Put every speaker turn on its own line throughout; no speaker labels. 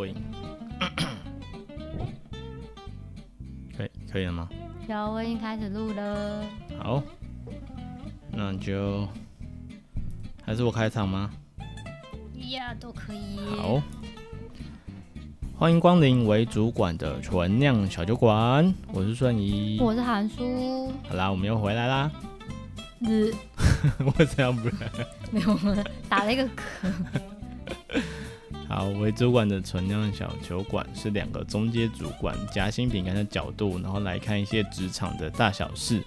可以，可以了嗎？
有，我已經開始錄了。
好，那就還是我開場嗎？
呀、yeah，都可以。好，
歡迎光臨為主管的純釀小酒館，我是瞬移，我
是韓叔。
好啦，我們又回來啦。
嗯，
我這樣不來？
沒有，我打了一個嗝。
好，為主管的存量小酒館，是兩個中階主管夾心餅乾的角度，然後來看一些職場的大小事。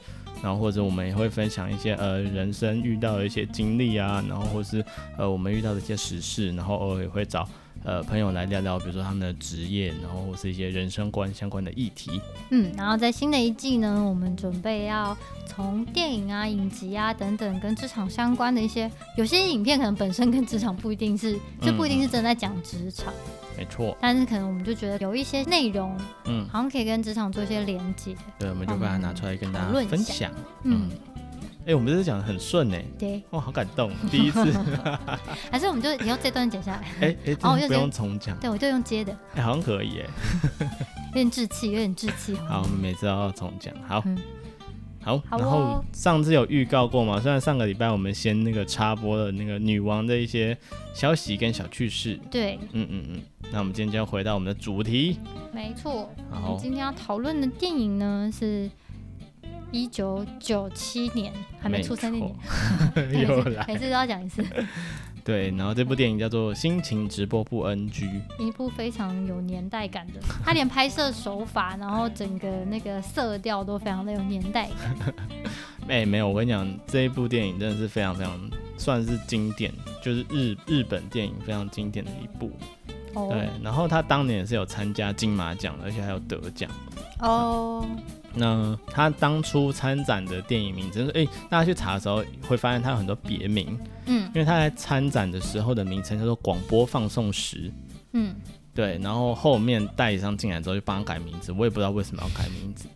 然後或者我們也會分享一些呃人生遇到的一些經歷啊，然後或是呃我們遇到的一些時事，然後偶爾也會找呃朋友來聊聊，比如說他們的職業，然後或是一些人生觀相關的議題。
嗯，然後在新的一季呢，我們準備要從電影啊、影集啊等等跟職場相關的一些，有些影片可能本身跟職場不一定是，這、嗯、不一定是真的在講職場。沒錯，但是可能我們就覺得有一些內容，嗯，好像可以跟職場做一些連接，
對，我們就把它拿出來跟大家分享。嗯，哎、欸，我們這次講得很順，哎、欸，對，哇，好感動，第一次。 還
是我們就以後這段剪下來，哎、欸、哎，欸、不用重講、哦，對，我就用接的，
哎、欸，好像可以，哎、
欸， 有點稚氣，有點稚氣。好，我們
每次都要重講，好。嗯。好，然後上次有預告過嘛？雖然上個禮拜我們先那個插播了那個女王的一些消息跟小趣事。對，嗯嗯嗯。那我們今天就要回到我們的主題。
沒錯。我們今天要討論的電影呢是1997年，一九九七年還沒出生那年，
有啦，每次都要講一次。 對，然後這部電影叫做《心情直播不 NG》，
一部非常有年代感的。它 連拍攝手法，然後整個那個色調都非常的有年代
感。哎、 欸，沒有，我跟你講，這一部電影真的是非常非常算是經典，就是日日本電影非常經典的一部。Oh. 對，然後他當年也是有參加金馬獎，而且還有得獎。
哦、oh. 嗯。
Oh. 那他當初參展的電影名稱，誒、欸，大家去查的時候會發現他有很多別名，嗯，因為他在參展的時候的名稱叫做廣播放送時，嗯，對，然後後面代理商進來之後就幫他改名字，我也不知道為什麼要改名字。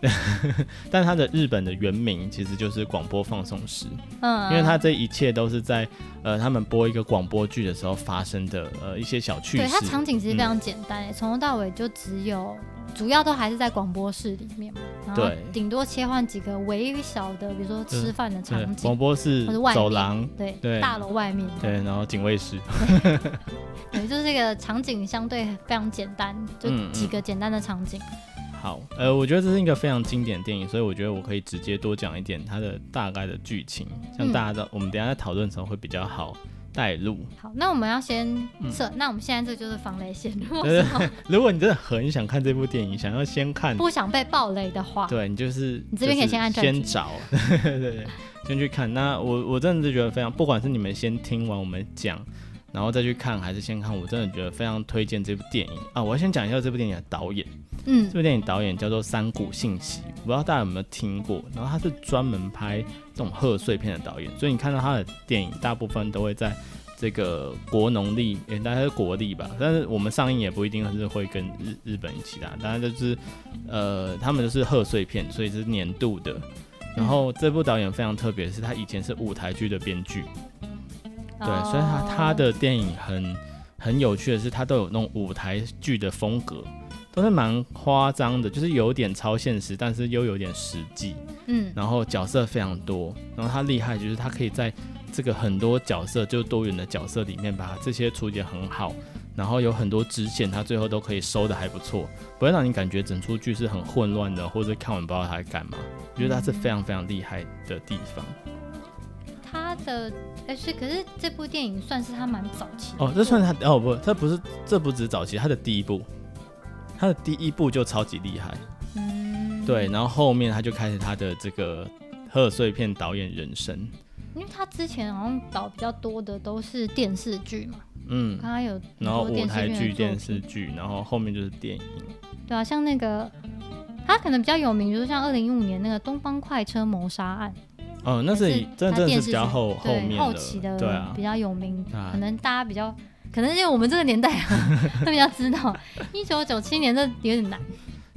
但它的日本的原名其實就是廣播放送時，嗯，因為它這一切都是在呃他們播一個廣播劇的時候發生的呃一些小趣事、嗯。啊、對，它場景其實非常
簡單，從、嗯、頭到尾就只有，主要都還是在廣播室裡面，然後對，頂多切換幾個微小的，比如說吃飯的場景，廣、
嗯、播室走廊，對，對大樓外面，對，然後警衛室
對， 對，就是這個場景相對非常簡單，就幾個簡單的場景。嗯嗯。
好，呃，我覺得這是一個非常經典的電影，所以我覺得我可以直接多講一點它的大概的劇情，像大家的、嗯，我們等一下在討論的時候會比較好帶路。好，
那我們要先測、嗯、那我們現在這就是防雷線。對對
對 如果你真的很想看這部電影，想要先看，不
想被暴雷的話，
對，你就是
你這邊可以先按先
找，對，對，對，先去看。那我我真的是覺得非常，不管是你們先聽完我們講，然後再去看，還是先看。我真的覺得非常推薦這部電影啊！我要先講一下這部電影的導演，嗯，這部電影導演叫做三谷幸喜，我不知道大家有沒有聽過。然後他是專門拍這種賀歲片的導演，所以你看到他的電影大部分都會在這個國農曆，哎，大概是國曆吧，但是我們上映也不一定是會跟日日本一起的，當然就是呃，他們就是賀歲片，所以是年度的。然後這部導演非常特別，是他以前是舞台劇的編劇。對，所以他他的電影很很有趣的是，他都有那種舞台劇的風格，都是蠻誇張的，就是有點超現實，但是又有點實際。嗯，然後角色非常多，然後他厲害就是他可以在這個很多角色就是多元的角色裡面，把這些處理得很好，然後有很多支線他最後都可以收得還不錯，不會讓你感覺整出劇是很混亂的，或者看完不知道他在幹嘛。我覺得他是非常非常厲害的地方。
他的哎、欸，是，可是這部電影算是他蠻早期哦？這
算是他哦不，他不，這不是這不止早期，他的第一部，他的第一部就超級厲害，嗯，對，然後後面他就開始他的這個賀歲片導演人生，
因為他之前好像導比較多的都是電視劇嘛，嗯，我看他有然後舞台劇、電
視劇，然後後面就是電影，
對啊，像那個他可能比較有名，比、就、如、是、像二零一五年那個《東方快車謀殺案》。
嗯、哦，那是，是真的是真的是比較後後面的，後的，對啊，比較
有名，啊，可能大家比較，可能因為我們這個年代啊，他 比較知道，一九九七年這有點難，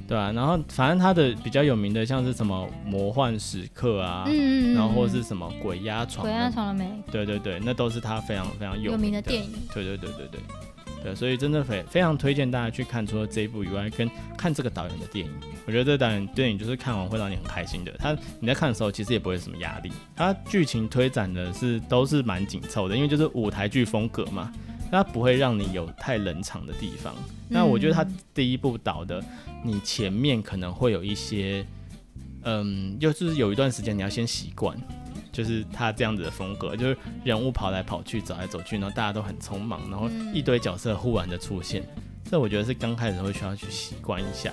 對啊，然後反正他的比較有名的像是什麼魔幻時刻啊，嗯嗯然後或是什麼鬼壓床，鬼壓床了沒？對對對，那都是他非常非常有名，有名的電影，對對對對對，對。對，所以真的非非常推薦大家去看，除了這一部以外，跟看這個導演的電影，我覺得這導演電影就是看完會讓你很開心的。他你在看的時候其實也不會有什麼壓力，他劇情推展的是都是蠻緊湊的，因為就是舞台劇風格嘛，他不會讓你有太冷場的地方。那我覺得他第一部導的，你前面可能會有一些，嗯，就是有一段時間你要先習慣。就是他這樣子的風格，就是人物跑來跑去，走來走去，然後大家都很匆忙，然後一堆角色忽然的出現，這、嗯、我覺得是剛開始會需要去習慣一下，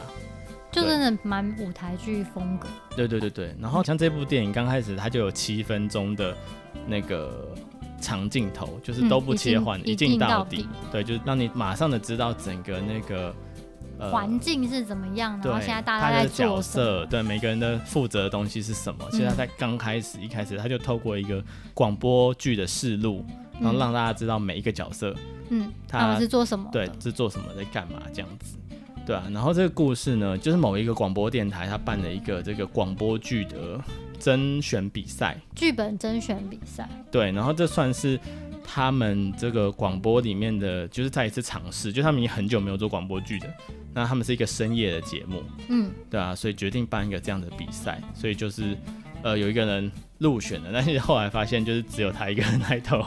就真的蠻舞台劇風格。
對對對對，然後像這部電影剛開始它就有七分鐘的那個長鏡頭，就是都不切換、嗯，一鏡到底，到底、嗯，對，就是讓你馬上的知道整個那個。環、
呃、境是怎麼樣然後現在大家在做
什麼，他的角色，對，每個人的負責的東西是什麼？現在在剛開始、嗯，一開始他就透過一個廣播劇的試錄，然後讓大家知道每一個角色，嗯，他嗯、啊、是做什麼？對，是做什麼的，在幹嘛？這樣子，對啊，然後這個故事呢，就是某一個廣播電台他辦了一個這個廣播劇的甄選比賽，
劇、嗯、本甄選比賽，
對，然後這算是。他們這個廣播裡面的就是再一次嘗試，就是他們已經很久沒有做廣播劇的，那他們是一個深夜的節目，嗯，對啊，所以決定辦一個這樣的比賽，所以就是。呃，有一個人入選了，但是後來發現就是只有他一個人來投。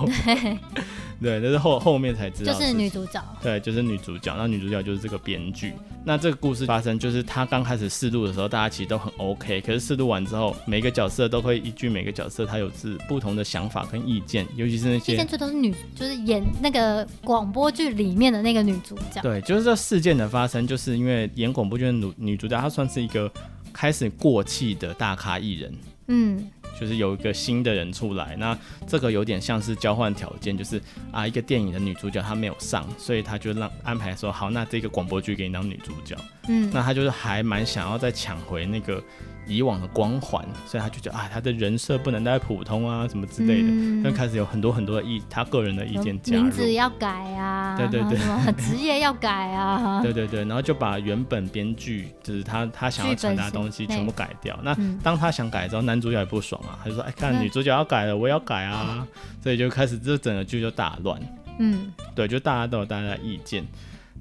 對，那 是後後面才知道，就是女主角。對，就是女主角。那女主角就是這個編劇。那這個故事發生就是他剛開始試錄的時候，大家其實都很 OK。可是試錄完之後，每個角色都會依據每個角色他有自不同的想法跟意見，尤其是那些意都
是女，就是演那個廣播劇裡面的那個女主角。對，
就是這事件的發生，就是因為演廣播劇的女女主角她算是一個開始過氣的大咖藝人。嗯，就是有一個新的人出來，那這個有點像是交換條件，就是啊，一個電影的女主角她沒有上，所以她就讓安排說好，那這個廣播劇給你當女主角，嗯，那她就是還蠻想要再搶回那個。以往的光環，所以他就覺得啊，他的人設不能太普通啊，什麼之類的。嗯。就開始有很多很多的意，他個人的意見加入。名字要
改啊！對對對。職業要改啊！ 對
對對，然後就把原本編劇，就是他他想要傳達的東西全部改掉。那當他想改之後，男主角也不爽啊，他就說：“哎、嗯，看、欸、女主角要改了，我也要改啊、嗯！”所以就開始這整個劇就大亂。嗯。對，就大家都有大家的意見。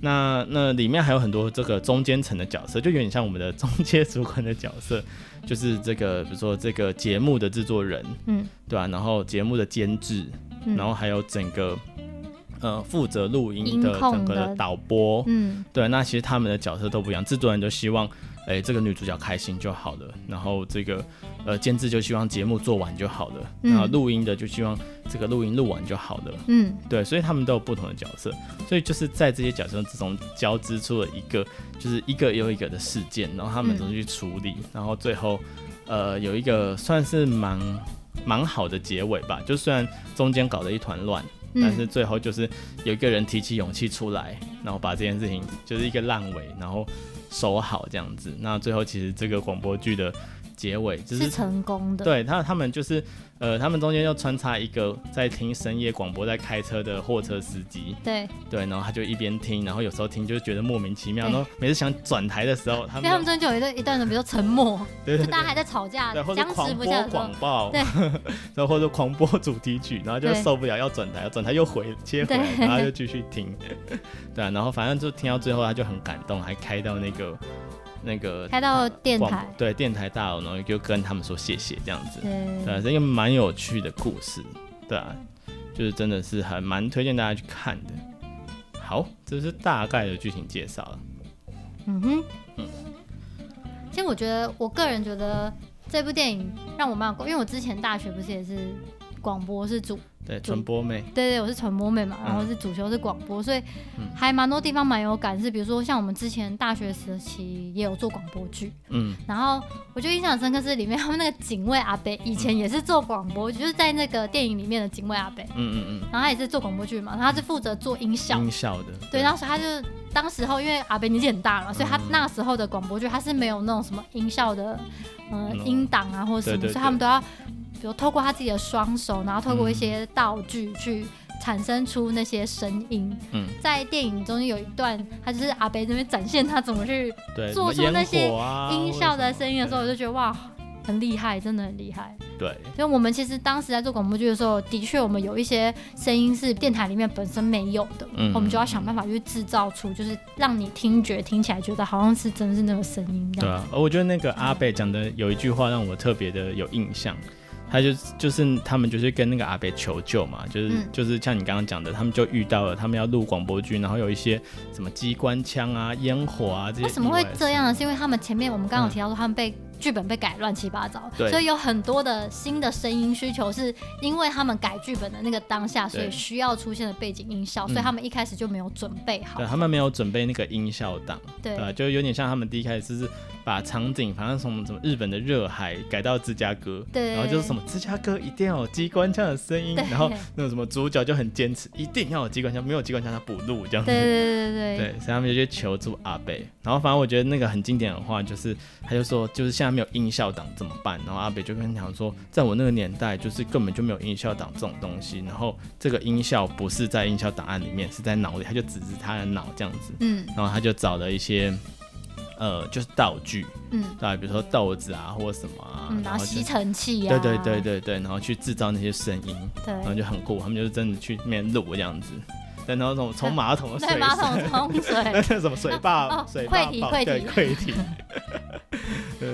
那那裡面還有很多這個中間層的角色，就有點像我們的中介主管的角色，就是這個比如說這個節目的制作人，嗯，對吧、啊？然後節目的監製、嗯，然後還有整個呃負責錄音的，音控的整個導播，嗯，對、啊。那其實他們的角色都不一樣，制作人就希望，哎，這個女主角開心就好了。然後這個，呃，監制就希望節目做完就好了。嗯、然後錄音的就希望這個錄音錄完就好了。嗯，對，所以他們都有不同的角色。所以就是在這些角色之中交織出了一個，就是一個又一個的事件，然後他們怎麼去處理、嗯，然後最後，呃，有一個算是蠻蠻好的結尾吧。就雖然中間搞得一團亂，但是最後就是有一個人提起勇氣出來，然後把這件事情就是一個爛尾，然後。收好，這樣子，那最後其實這個廣播劇的結尾就是、是成
功的，對，
他他們就是，呃，他們中間又穿插一個在聽深夜廣播在開車的貨車司機，對對，然後他就一邊聽，然後有時候聽就覺得莫名其妙，然後每次想轉台的時候，欸、他們中
間有一個一段的，比如說沉默，對、對、對，就大家還在吵
架，對、對、對，或者狂播廣
播，對，然 後或者狂播主題曲，然後就受不了要轉台，要轉台又回切回來，然後又繼續聽， 對啊，然後反正就聽到最後他就很感動，還開到那個。那個開到電台，呃、對，電台大樓呢，就跟他們說謝謝這樣子，對，對是一個蠻有趣的故事，對啊，就是真的是還蠻推薦大家去看的。好，這是大概的劇情介紹了。嗯哼，
嗯，其實我覺得，我個人覺得這部電影讓我蠻好過，因為我之前大學不是也是。廣播是主
對，傳播妹
對，對對，我是傳播妹嘛，然後是主修、嗯、是廣播，所以還蠻多地方蠻有感，是比如說像我們之前大學時期也有做廣播劇，嗯，然後我就印象深刻是裡面他們那個警衛阿北，以前也是做廣播，就是在那個電影裡面的警衛阿北，嗯嗯嗯，然後他也是做廣播劇嘛，然後他是負責做音效，音效的，對，當時他就當時候因為阿北年紀很大了，所以他那時候的廣播劇他是沒有那種什麼音效的，嗯，嗯、哦、音檔啊或者什麼，對對對對，所以他們都要。比如透過他自己的雙手，然後透過一些道具去產生出那些聲音。嗯，在電影中有一段，他就是阿伯這邊展現他怎麼去做出那些音效的聲音的時候，啊、我就覺得哇，很厲害，真的很厲害。對，所以我們其實當時在做廣播劇的時候，的確我們有一些聲音是電台裡面本身沒有的，嗯、我們就要想辦法去制造出，就是讓你聽覺聽起來覺得好像是真的是那個聲音樣。對啊，而
我覺得那個阿伯講的有一句話讓我特別的有印象。他就就是他們就是跟那個阿北求救嘛，就是、嗯、就是像你剛剛講的，他們就遇到了，他們要錄廣播劇，然後有一些什麼機關槍啊、煙火啊這些。為什麼會這樣呢？
是因為他們前面我們剛剛有提到說他們被、嗯。劇本被改亂七八糟對，所以有很多的新的聲音需求，是因為他們改劇本的那個當下，所以需要出現的背景音效。嗯，所以他們一開始就沒有準備好。對，他
們沒有準備那個音效檔。對，對就有點像他們第一開始是把場景，反正從什麼，什麼日本的熱海改到芝加哥，對然後就是什麼芝加哥一定要有機關槍的聲音，然後那種什麼主角就很堅持一定要有機關槍，沒有機關槍他補錄這樣子。對對對對對。對，所以他們就去求助阿貝，然後反正我覺得那個很經典的話就是，他就說就是像。他沒有音效檔怎麼辦？然後阿北就跟他講說，在我那個年代，就是根本就沒有音效檔這種東西。然後這個音效不是在音效檔案裡面，是在腦裡。他就指着他的腦這樣子，嗯。然後他就找了一些，呃，就是道具，嗯，對比如說豆子啊，或者什麼啊，嗯、然後、嗯、吸塵器啊，對對對對，對然後去製造那些聲音，對，然後就很酷。他們就是真的去那邊錄這樣子，對，然後從從馬桶水，水馬桶沖水， 什麼水壩？水壩，哦，對，潰堤。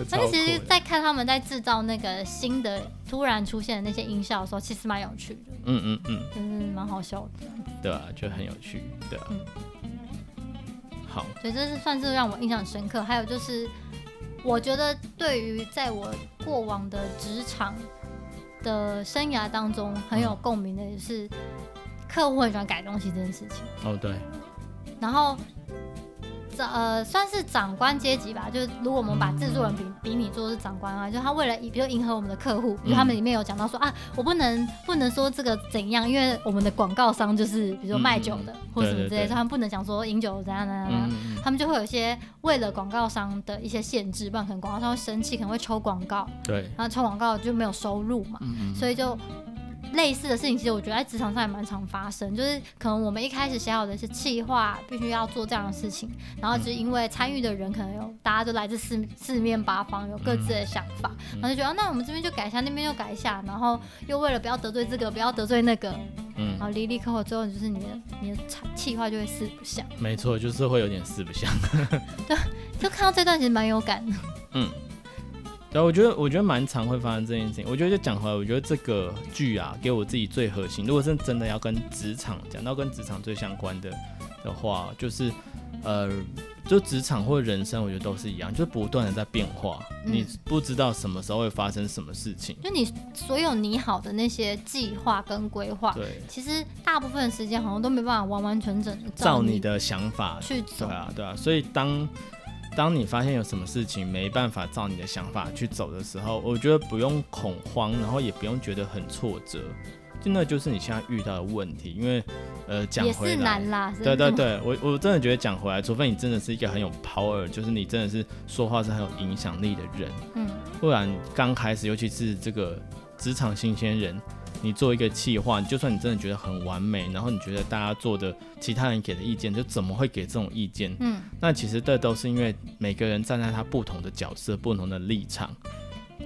但是其實，
在看他們在製造那個新的，的突然出現的那些音效的時候，其實蠻有趣的。嗯嗯嗯，就是、嗯、蠻、嗯、好笑的。
對啊，就很有趣。對啊。好。
所以這是算是讓我印象深刻。還有就是，我覺得對於在我過往的職場的生涯當中很有共鳴的，也、嗯就是客戶很喜歡改東西這件事情。哦，對。然後。呃，算是長官階級吧。就是如果我們把製作人比、嗯、比擬做是長官啊，就他為了比如迎合我們的客戶、嗯，就是、他們裡面有講到說啊，我不能不能說這個怎樣，因為我們的廣告商就是比如說賣酒的、嗯、或什麼之類的，對對對，他們不能講說飲酒怎樣怎樣、怎樣、嗯，他們就會有一些為了廣告商的一些限制，不然可能廣告商會生氣，可能會抽廣告，然後抽廣告就沒有收入嘛，嗯、所以就。類似的事情，其實我覺得在職場上也蠻常發生，就是可能我們一開始寫好的是企劃，必須要做這樣的事情，然後就是因為參與的人可能有、嗯，大家都來自四四面八方，有各自的想法，嗯、然後就覺得、嗯啊，那我們這邊就改一下，那邊就改一下，然後又為了不要得罪這個，不要得罪那個，嗯，
然
後離離合後之後，後，就是你的你的企劃就會四不像。
沒錯，就是會有點四不像。
對，就看到這段其實蠻有感的。嗯。
對，我覺得，我覺得蠻常會發生這件事情。我覺得，就講回來，我覺得這個劇啊，給我自己最核心。如果是真的要跟職場講到跟職場最相關的的話，就是，呃，就職場或人生，我覺得都是一樣，就是不斷的在變化，嗯。你不知道什麼時候會發生什麼事情。
就你所有你好的那些計劃跟規劃，對，其實大部分的時間好像都沒辦法完完全全，照你
的想法去走。對啊，對啊。所以當當你發現有什麼事情沒辦法照你的想法去走的時候，我覺得不用恐慌，然後也不用覺得很挫折，真的就是你現在遇到的問題，因為呃講回來，也是難啦，對對對，嗯、我我真的覺得講回來，除非你真的是一個很有 power，就是你真的是說話是很有影響力的人，嗯，不然剛開始，尤其是這個職場新鮮人。你做一個企劃，就算你真的覺得很完美，然後你覺得大家做的，其他人給的意見，就怎麼會給這種意見？嗯，那其實這都是因為每個人站在他不同的角色、不同的立場，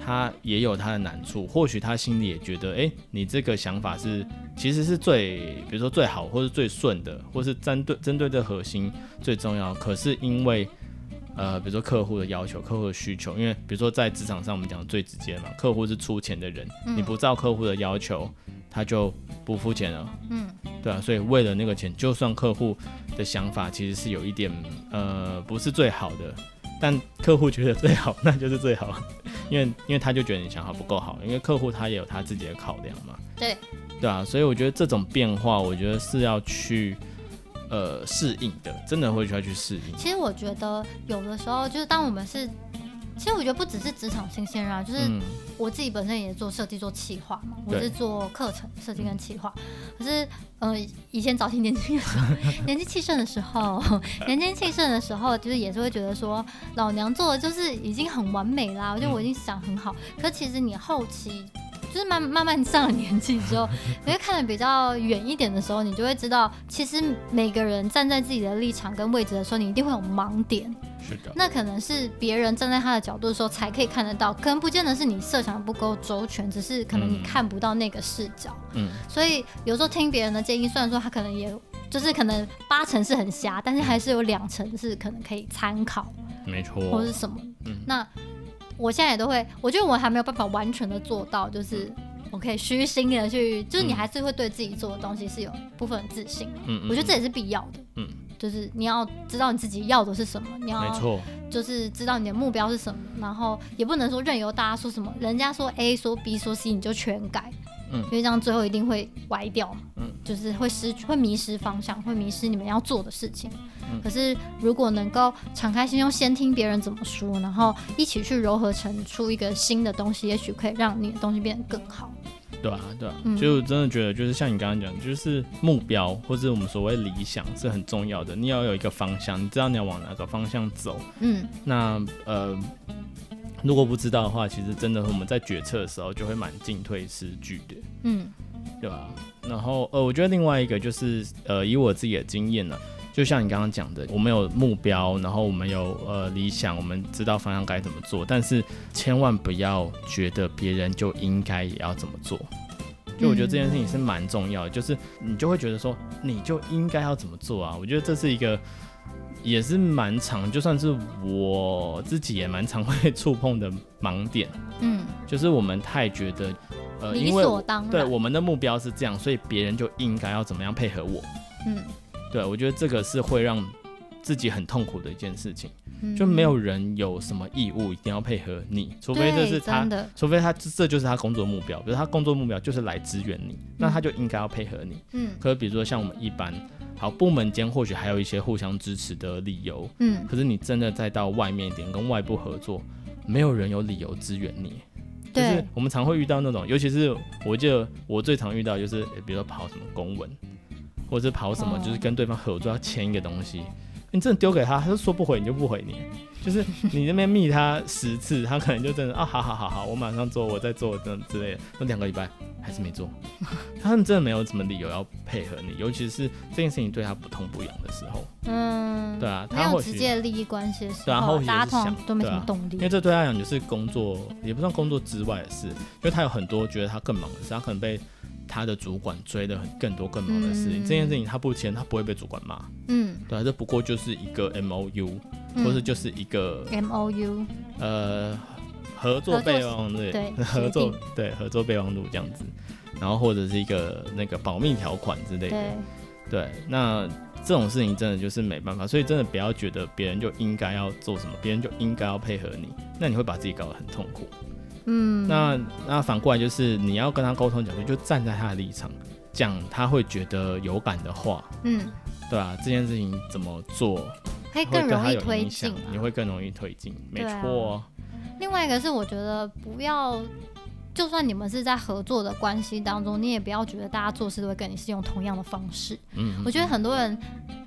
他也有他的難處。或許他心裡也覺得，哎、欸，你這個想法是其實是最，比如說最好，或是最順的，或是針對針對這核心最重要。可是因為呃，比如說客戶的要求、客戶的需求，因為比如說在職場上，我們講最直接嘛，客戶是出錢的人。嗯，你不照客戶的要求，他就不付錢了。嗯，對啊，所以為了那個錢，就算客戶的想法其實是有一點呃不是最好的，但客戶覺得最好，那就是最好 因為因為他就覺得你想法不夠好，因為客戶他也有他自己的考量嘛。對，對啊，所以我覺得這種變化，我覺得是要去。呃，適應的，真的會需要去適應的。
其實我覺得有的時候，就是當我們是，其實我覺得不只是職場新鮮人啊，就是我自己本身也做設計、做企劃嘛、嗯，我是做課程設計跟企劃。可是，呃，以前早期年輕的時候， 年輕氣盛的時候， 年輕氣盛的時候，就是也是會覺得說，老娘做的就是已經很完美啦，就我已經想很好，嗯、可是其實你後期。就是慢慢慢上了年紀之後，你 會看得比較遠一點的時候，你就會知道，其實每個人站在自己的立場跟位置的時候，你一定會有盲點。是的。那可能是別人站在他的角度的時候才可以看得到，可能不見得是你設想不夠周全，只是可能你看不到那個視角。嗯。所以有時候聽別人的建議，雖然說他可能也就是可能八成是很瞎，但是還是有兩成是可能可以參考。
沒錯。或是什麼？嗯。
那。我現在也都會，我覺得我還沒有辦法完全的做到，就是我可以虛心的去，嗯，就是你還是會對自己做的東西是有部分的自信，嗯，我覺得這也是必要的，嗯，就是你要知道你自己要的是什麼，嗯，你要，沒錯，就是知道你的目標是什麼，然後也不能說任由大家說什麼，人家說 A，說 B，說 C，你就全改。嗯，因為這樣最後一定會歪掉，嗯，就是會失會迷失方向，會迷失你們要做的事情。嗯、可是如果能夠敞開心胸，先聽別人怎麼說，然後一起去揉合成出一個新的東西，也許可以讓你的東西變得更好。
對啊，對啊，嗯、就真的覺得就是像你剛剛講，就是目標或是我們所謂理想是很重要的，你要有一個方向，你知道你要往哪個方向走。嗯，那呃。如果不知道的話，其實真的我們在決策的時候就會蠻進退失據的，嗯，對吧？然後呃，我覺得另外一個就是呃，以我自己的經驗呢、啊，就像你剛剛講的，我們有目標，然後我們有呃理想，我們知道方向該怎麼做，但是千萬不要覺得別人就應該也要怎麼做，
就我覺得這
件事情是蠻重要的，嗯、就是你就會覺得說你就應該要怎麼做啊？我覺得這是一個。也是蠻常，就算是我自己也蠻常會觸碰的盲點。嗯，就是我們太覺得，呃，因為我，對我們的目標是這樣，所以別人就應該要怎麼樣配合我。嗯，對，我覺得這個是會讓自己很痛苦的一件事情。嗯，就沒有人有什麼義務一定要配合你，除非這是他，除非他這就是他工作目標。比如他工作目標就是來支援你，嗯，那他就應該要配合你。嗯，可是比如說像我們一般。好，部門間或許還有一些互相支持的理由，嗯，可是你真的再到外面點跟外部合作，沒有人有理由支援你。對，就是我們常會遇到那種，尤其是我記得我最常遇到就是、欸，比如說跑什麼公文，或者是跑什麼，就是跟對方合作要簽一個東西，嗯、你真的丟給他，他就說不回你就不回你。就是你那邊密他十次，他可能就真的啊、哦，好好好好，我馬上做，我再做，這之類的。那兩個禮拜還是沒做，他們真的沒有什麼理由要配合你，尤其是這件事情對他不痛不癢的時候，嗯，對啊，沒有直接
的利益關係的時候、啊，對啊，打痛都沒什麼動力，因為這
對他講就是工作，也不算工作之外的事，因為他有很多覺得他更忙的事，他可能被他的主管追的很更多更忙的事情、嗯，這件事情他不簽，他不會被主管罵，嗯，對，啊，這不過就是一個 M O U。或者就是一個、嗯、MOU，呃，合作備忘錄，對，合作對合作備忘錄這樣子，然後或者是一個那個保密條款之類的對，對，那這種事情真的就是沒辦法，所以真的不要覺得別人就應該要做什麼，別人就應該要配合你，那你會把自己搞得很痛苦，嗯，那那反過來就是你要跟他溝通的角度，就站在他的立場。講他會覺得有感的話，
嗯，
對啊，這件事情怎麼做，會更容易推進，啊，你會更容易推進，沒錯，啊
啊。另外一個是，我覺得不要。就算你們是在合作的關係當中，你也不要覺得大家做事都會跟你是用同樣的方式、
嗯。我覺得很
多人，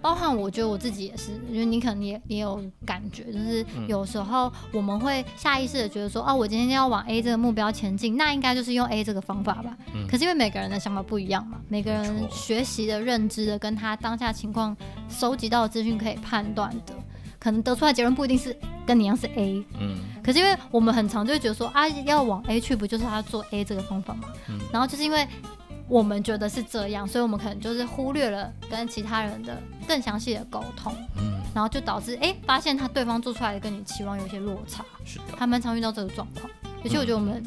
包含我覺得我自己也是，因為你可能也也有感覺，就是有時候我們會下意識的覺得說，哦、嗯啊，我今天要往 A 這個目標前進，那應該就是用 A 這個方法吧、嗯。可是因為每個人的想法不一樣嘛，每個人學習的認知的跟他當下情況收集到的資訊可以判斷的。可能得出來的結論不一定是跟你一樣是 A，嗯，可
是
因為我們很常就會覺得說啊要往 A 去，不就是他做 A 這個方法嘛，嗯，然後就是因為我們覺得是這樣，所以我們可能就是忽略了跟其他人的更詳細的溝通，嗯，然後就導致誒，發現他對方做出來的跟你期望有一些落差，是，還蠻常遇到這個狀況，而且我覺得我們。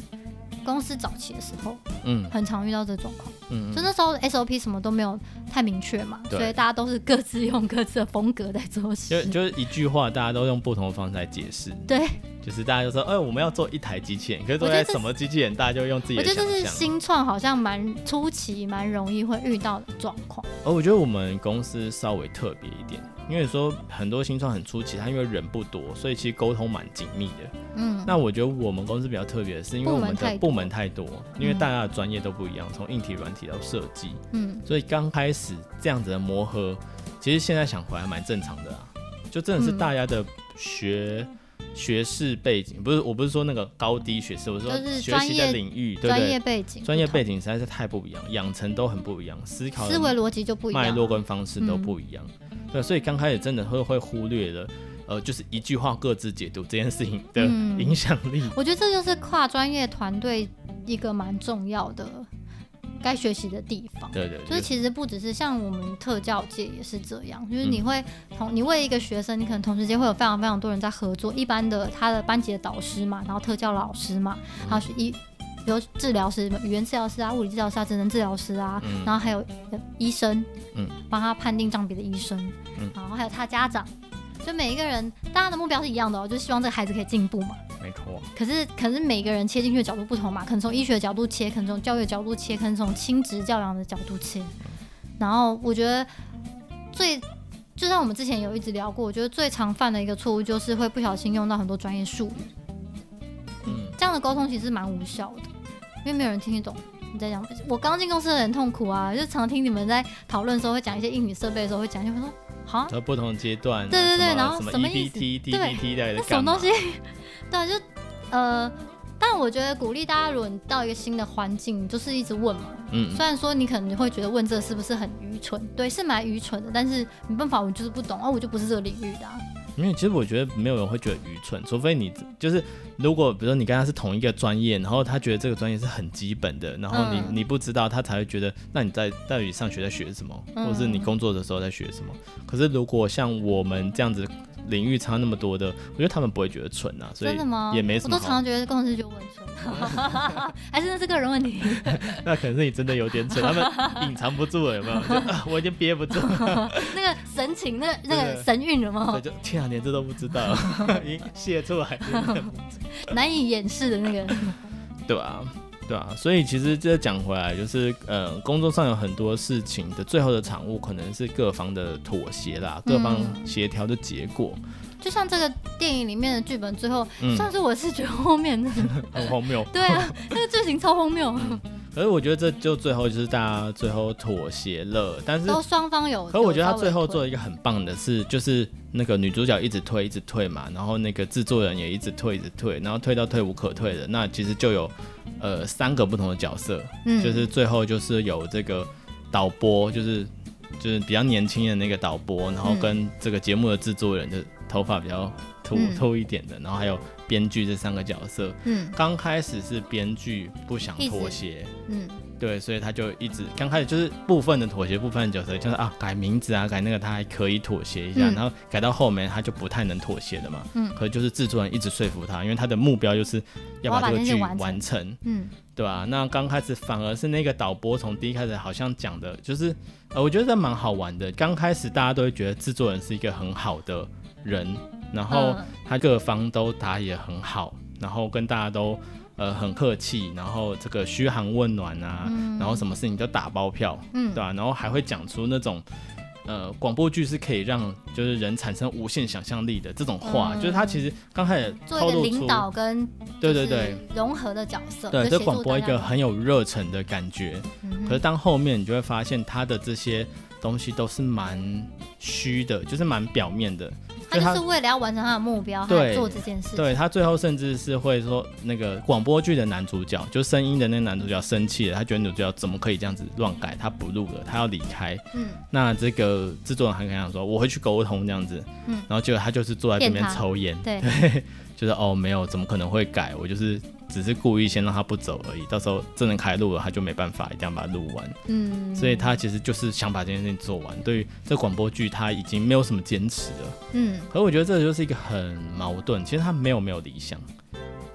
公司早期的時候，嗯，很常遇到這狀況，嗯，嗯，所以那時候 SOP 什麼都沒有太明確嘛，對，所以大家都是各自用各自的風格在做事，就就
是一句話，大家都用不同的方式來解釋，對，就是大家就說，哎、欸，我們要做一台機器人，可是做一台什麼機器人？大家就用自己的，我覺得這是新
創，好像蠻初期，蠻容易會遇到的狀
況。而、哦、我覺得我們公司稍微特別一點。因為說很多新創很初期，他因為人不多，所以其實溝通蠻緊密的。嗯，那我覺得我們公司比較特別的是，因為我們的部門太多，太多因為大家的專業都不一樣，從、嗯、硬體、軟體到設計，嗯，所以剛開始這樣子的磨合，其實現在想回來還蠻正常的啊。就真的是大家的學、嗯、學士背景，不是我不是說那個高低學士，我是說學習的領域、就是，對不對？專業背景專業背景實在是太不一樣，養成都很不一樣，思考思維邏輯就不一樣，脈絡跟方式都不一樣。嗯嗯對，所以剛開始真的會會忽略了，呃，就是一句話各自解讀這件事情的影響力。嗯、我
覺得這就是跨專業團隊一個蠻重要的該學習的地
方。
對對，就是其
實不只是像我們特教界也是這樣，就是你會、嗯、同你為一個學生，你可能同時間會有非常非常多人在合作，一般的他的班級的導師嘛，然後特教老師嘛，他、嗯、是一。比如治療師、語言治療師啊、物理治療師啊、職能治療師啊、嗯，然後還有醫生，幫、嗯、他判定障別的醫生、嗯，然後還有他家長，就每一個人大家的目標是一樣的哦、喔，就希望這個孩子可以進步嘛。
沒錯、啊。可
是，可是每個人切進去的角度不同嘛，可能從醫學的角度切，可能從教育角度切，可能從親職教養的角度切、嗯。然後我覺得最就像我們之前有一直聊過，我覺得最常犯的一個錯誤就是會不小心用到很多專業術語、嗯嗯，這樣的溝通其實蠻無效的。因為沒有人聽得懂你在講。我剛進公司很痛苦啊，就常聽你們在討論的時候會講一些硬體設備的時候會講一些，就會說好。
在不同階段、啊，對對對，然後什麼，EBT, 什麼意思？對，那什麼東西？
對、啊，就呃，但我覺得鼓勵大家，如果你到一個新的環境，就是一直問嘛。嗯。雖然說你可能會覺得問這是不是很愚蠢？對，是蠻愚蠢的，但是沒辦法，我就是不懂，啊、哦。我就不是這個領域的啊。
因為其實，我覺得沒有人會覺得愚蠢。除非你就是，如果比如說你跟他是同一個專業，然後他覺得這個專業是很基本的。然後你你不知道，他才會覺得，那你在到底上學在學什麼，或是你工作的時候在學什麼。嗯。可是如果像我們這樣子，領域差那麼多的，我覺得他們不會覺得蠢啊。所以也沒什麼。真的嗎？我都常常
覺得同事就問蠢， 還是那是個人問題。
那可能是你真的有點蠢，他們隱藏不住了，有沒有，啊？我已經憋不住了，
那個神情，那那個神韻，有沒有？對，
就前兩年這都不知道，你 寫出來，
難以掩飾的那個，
對吧？對啊、所以其實這講回來就是，呃、嗯，工作上有很多事情的最後的產物，可能是各方的妥協啦，嗯、各方協調的結果。就
像這個電影裡面的劇本最後，嗯、算是我是覺得後面的很
荒謬。 對啊， 那
個劇情超荒謬。
可是我覺得這就最後就是大家最後妥協了，但是都
雙方有。可是我覺得他最
後做了一個很棒的事，就是那個女主角一直退一直退嘛，然後那個製作人也一直退一直退，然後退到退無可退的。那其實就有呃三個不同的角色、嗯，就是最後就是有這個導播就是。就是比較年輕的那個導播，然後跟這個節目的制作人的頭髮比較禿禿、嗯、一點的，然後還有編劇這三個角色。嗯，剛開始是編劇不想妥協，
嗯，
對，所以他就一直剛開始就是部分的妥協，部分的角色就是啊改名字啊改那個他還可以妥協一下、嗯，然後改到後面他就不太能妥協了嘛。嗯，可是就是制作人一直說服他，因為他的目標就是要把這個劇完，完成。嗯。對吧、啊？那剛開始反而是那個導播從第一開始好像講的，就是呃，我覺得這蠻好玩的。剛開始大家都會覺得製作人是一個很好的人，然後他各方都打也很好，嗯、然後跟大家都呃很客氣，然後這個噓寒問暖啊、嗯，然後什麼事情都打包票，嗯、對吧、啊？然後還會講出那種。呃，廣播劇是可以讓就是人產生無限想象力的這種話，嗯、就是他其實剛開始做一個領導跟對對對
融合的角色，對，對，對、就是對，這廣播一個很有
熱忱的感覺、嗯。可是當後面你就會發現，他的這些東西都是蠻虛的，就是蠻表面的。
他，他就是為了要完成他的目標，他要做這件事。對，他
最後甚至是會說，那個廣播劇的男主角，就聲音的那個男主角生氣了，他覺得女主角怎麼可以這樣子亂改，他不錄了，他要離開。嗯，那這個制作人還跟他說，我會去溝通這樣子。嗯，然後結果他就是坐在這邊抽菸，對，就是哦，沒有，怎麼可能會改？我就是。只是故意先讓他不走而已，到時候真的開錄了，他就沒辦法，一定要把它錄完。嗯，
所以他
其實就是想把這件事情做完。對於這廣播劇，他已經沒有什麼堅持了。嗯，可是我覺得這就是一個很矛盾。其實他沒有沒有理想，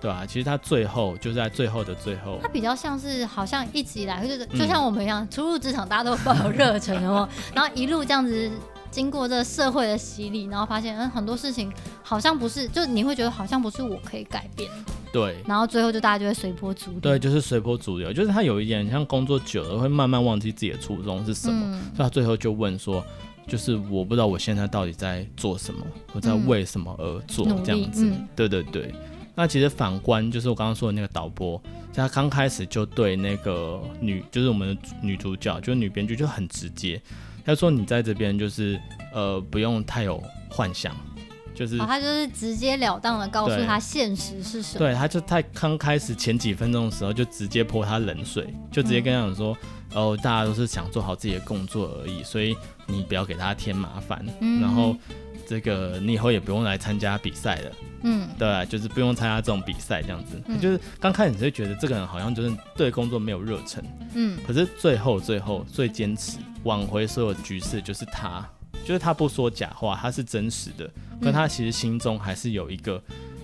對啊。其實他最後就在最後的
最後，他
比較像是好像一直以來就是就像我們一樣，嗯、初入職場大家都抱有熱忱哦， 然後一路這樣子經過這個社會的洗禮，然後發現，嗯，很多事情好像不是就你會覺得好像不是我可以改變。對，然後最後就大家就會隨波逐流。對，就
是隨波逐流，就是他有一點像工作久了會慢慢忘記自己的初衷是什麼。那、嗯、最後就問說，就是我不知道我現在到底在做什麼，我在為什麼而做這樣子。嗯嗯、對對對。那其實反觀就是我剛剛說的那個導播，他剛開始就對那個女，就是我們的女主角，就是女編劇就很直接，他說你在這邊就是呃不用太有幻想。就是、哦、他
就是直截了當的告訴他現實是什麼，對，
他就在剛開始前幾分鐘的時候就直接潑他冷水，就直接跟他講說、嗯，哦，大家都是想做好自己的工作而已，所以你不要給他添麻煩、嗯，然後這個你以後也不用來參加比賽
了，
嗯，對，就是不用參加這種比賽這樣子，嗯、就是剛開始就覺得這個人好像就是對工作沒有熱忱，嗯，可是最後最後最堅持挽回所有局勢就是他。就是他不說假話，他是真實的，嗯，可他其實心中還是有一個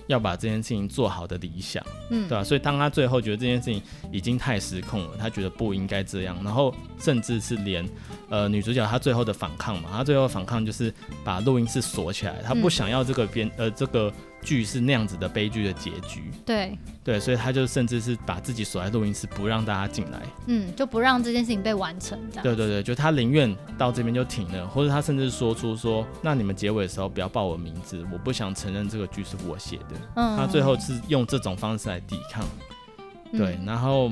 要把這件事情做好的理想，嗯，對吧，啊？所以當他最後覺得這件事情已經太失控了，他覺得不應該這樣，然後。甚至是連，呃，女主角她最後的反抗嘛，她最後反抗就是把錄音室鎖起來，她不想要這個編、嗯、呃這個劇是那樣子的悲劇的結局。對對，所以她就甚至是把自己鎖在錄音室，不讓大家進來。
嗯，就不讓這件事情被完成這樣。
對對對，就她寧願到這邊就停了，或者她甚至說出說，那你們結尾的時候不要報我名字，我不想承認這個劇是我寫的。嗯，她最後是用這種方式來抵抗。嗯、對，然後。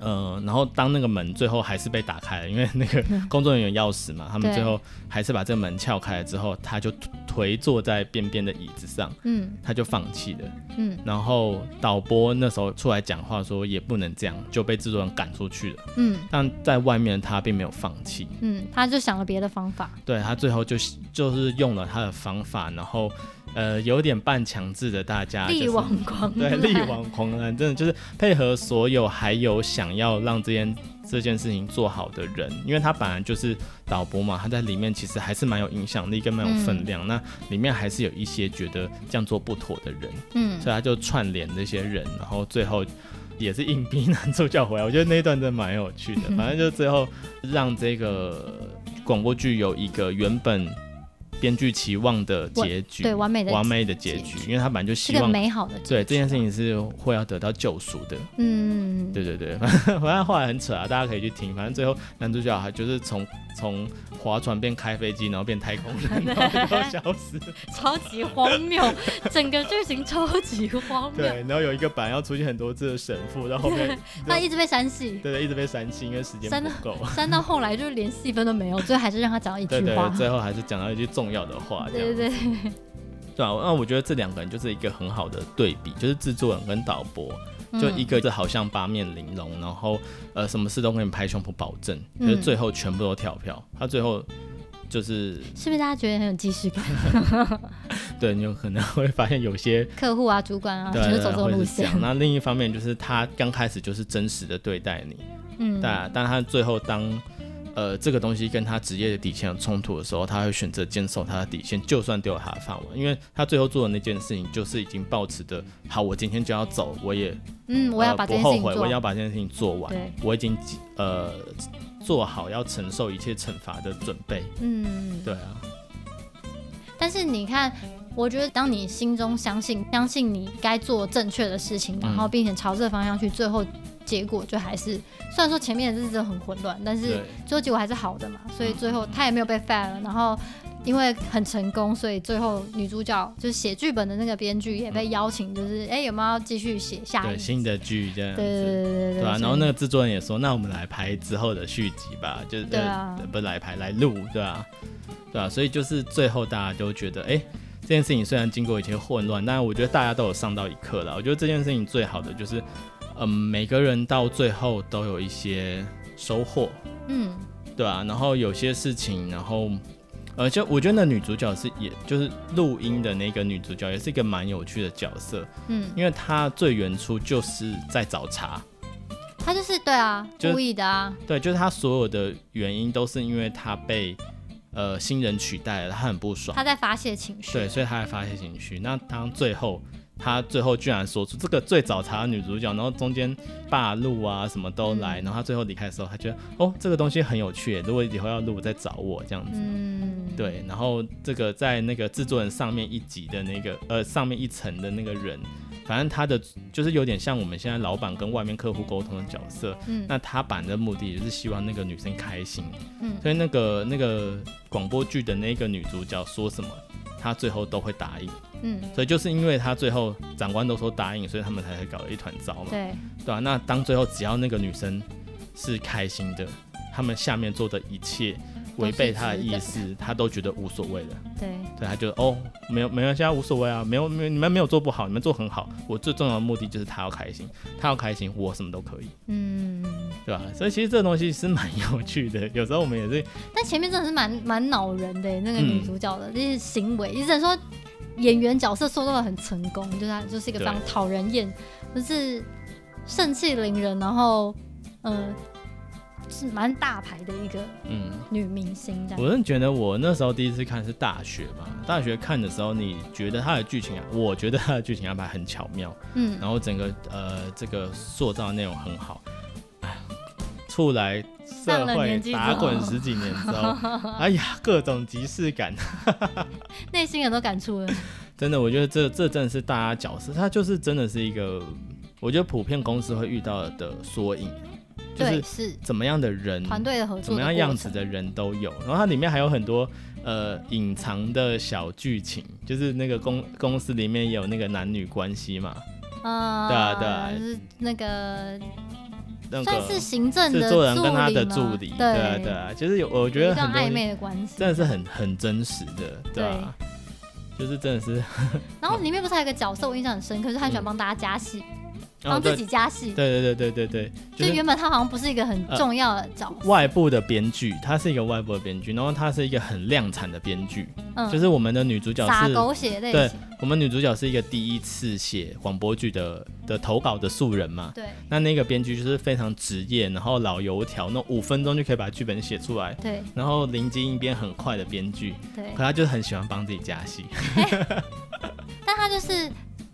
嗯、呃，然後當那個門最後還是被打開了，因為那個工作人員有鑰匙嘛，嗯、他們最後還是把這個門撬開了。之後他就頹坐在邊邊的椅子上，嗯，他就放棄
了，嗯。
然後導播那時候出來講話說也不能這樣，就被製作人趕出去了，嗯。但在外面他並沒有放棄，嗯，
他就想了別的方法，
對，他最後就就是用了他的方法，然後。呃，有點半強制的，大家、就是、力挽
狂瀾，對，力挽
狂瀾，真的就是配合所有還有想要讓這件這件事情做好的人，因為他本來就是導播嘛，他在裡面其實還是蠻有影響力跟蠻有分量、嗯。那裡面還是有一些覺得這樣做不妥的人，嗯，所以他就串聯這些人，然後最後也是硬逼男主角回來。我覺得那一段真的蠻有趣的、嗯，反正就最後讓這個廣播劇有一個原本。編劇期望的結局，對，完美的完美的結局，因為他本來就希望、這個、美好的結局、啊，對這件事情是會要得到救贖的，嗯，對對對，反正後來很扯啊，大家可以去聽，反正最後男主角還就是從。從划船變開飛機，然後變太空人，然後
消失， 超級荒
謬， 整個劇情超級荒謬。對，然
後有一個本來要出現很多次的神父，然後面 一直被刪戲，對對，一直被刪戲，因為時間不夠，刪到
後來就是連戲份都沒有，最後還是讓他講一句話。對，對對，最
後還是講到一句重要的話。對對對，對吧？啊？那我覺得這兩個人就是一個很好的對比，就是製作人跟導播。就一個字，好像八面玲瓏，嗯、然後呃，什麼事都跟你拍胸脯保證，就、嗯、是最後全部都跳票。他最後就是，是
不是大家覺得很有即視感？
對，你有可能會發現有些
客戶啊、主管啊，只是走走路線。那
另一方面就是他剛開始就是真實的對待你，
啊、嗯，
但他最後當。呃，這個東西跟他職業的底線有衝突的時候，他會選擇堅守他的底線，就算丟了他的飯碗。因為他最後做的那件事情，就是已經抱持的好，我今天就要走，我也
嗯，我要把這件事情、呃、不
後悔，我要把這件事情做完。我已經呃做好要承受一切懲罰的準備。嗯，對啊。
但是你看，我覺得當你心中相信，相信你該做正確的事情，然後並且朝這個方向去，最後。結果就還是，雖然說前面的日子很混亂，但是最後結果還是好的嘛。所以最後他也沒有被 fire 了，然後因為很成功，所以最後女主角就是寫劇本的那個編劇也被邀請，就是哎、嗯欸、有沒有要繼續寫下一個
新的劇這樣？對對
對對對，然後那個
制作人也說，那我們來拍之後的續集吧，就是、啊呃、不來拍來錄對吧、啊？對啊。所以就是最後大家都覺得，哎、欸，這件事情雖然經過一些混亂，但是我覺得大家都有上到一課了。我覺得這件事情最好的就是。嗯，每個人到最後都有一些收穫，嗯，對啊，然後有些事情，然後就、呃、我覺得那女主角是也，也就是錄音的那個女主角，也是一個蠻有趣的角色，嗯，因為她最原初就是在找茬，
她就是對啊，故意的啊，
對，就是她所有的原因都是因為她被呃新人取代了，她很不爽，她
在發洩情
緒，對，所以她在發洩情緒，那當最後。他最後居然說出這個最早查的女主角，然後中間霸錄、啊什麼都來，然後他最後離開的時候，他覺得哦這個東西很有趣，如果以後要錄再找我這樣子，嗯，對。然後這個在那個制作人上面一級的那個呃上面一層的那個人，反正他的就是有點像我們現在老板跟外面客戶溝通的角色。嗯，那他本來的目的就是希望那個女生開心。嗯，所以那個那個廣播劇的那個女主角說什麼？他最後都會答應，嗯，所以就是因為他最後長官都說答應，所以他們才會搞得一團糟嘛，對對啊。那當最後只要那個女生是開心的，他們下面做的一切違背她的意思，她都，都覺得無所謂
了，對，
對她覺得哦，沒有沒關係在無所謂啊，沒有沒有，你們沒有做不好，你們做很好，我最重要的目的就是她要開心，她要開心，我什麼都可以，嗯。對、啊、所以其實這個東西是蠻有趣的。有時候我們也是，
但前面真的是蠻蠻惱人的，那個女主角的那、嗯、些行為，只能說演員角色塑造的很成功，就是就是一個非常討人厭，就是盛氣凌人，然後嗯、呃、是蠻大牌的一個
嗯
女明星。這樣、嗯，我是
覺得我那時候第一次看是大學嘛，大學看的時候，你覺得她的劇情，我覺得她的劇情安排很巧妙，嗯，然後整個呃這個塑造的內容很好。出來社會打滾十幾年之後， 哎呀，各種即視感，
內心很多感觸了。
真的，我覺得這這真的是大家角色，他就是真的是一個，我覺得普遍公司會遇到的、的縮影，就是對，
是
怎麼樣的人，團隊
的合作的，怎麼樣樣
子的人都有。然後它裡面還有很多呃隱藏的小劇情，就是那個公公司裡面有那個男女關係嘛，呃、啊，對啊對啊，就
是那個。那個、是算是行政的助理嘛？對對啊，其實、
就是、有，我覺得很像曖昧的關係，真的是很很真實的，對，對就是真的是。
然後裡面不是還有一個角色，嗯、我印象很深刻，是他喜歡幫大家加戲。嗯
幫自己加戲，哦，對對對對對對，就原本
他好像不是一個很重要的角。
外部的編劇，他是一個外部的編劇，然後他是一個很量產的編劇，嗯，就是我們的女主角是狗血類型。對，我們女主角是一個第一次寫廣播劇的的投稿的素人嘛，對。那那個編劇就是非常職業，然後老油條，那五分鐘就可以把劇本寫出來，對。然後臨機應變很快的編劇，對。可他就是很喜歡幫自己加戲，
但他就是。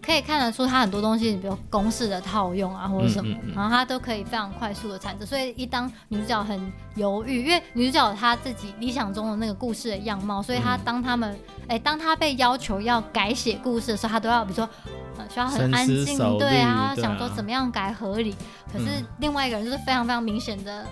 可以看得出，他很多東西，比如公式的套用啊，或者什麼、嗯嗯嗯，然後他都可以非常快速的產生。所以一當女主角很猶豫，因為女主角她自己理想中的那個故事的樣貌，所以她當他們，哎、嗯欸，當她被要求要改寫故事的時候，她都要，比如說，呃、需要很安靜、啊，對啊，想說怎麼樣改合理。可是另外一個人就是非常非常明顯的，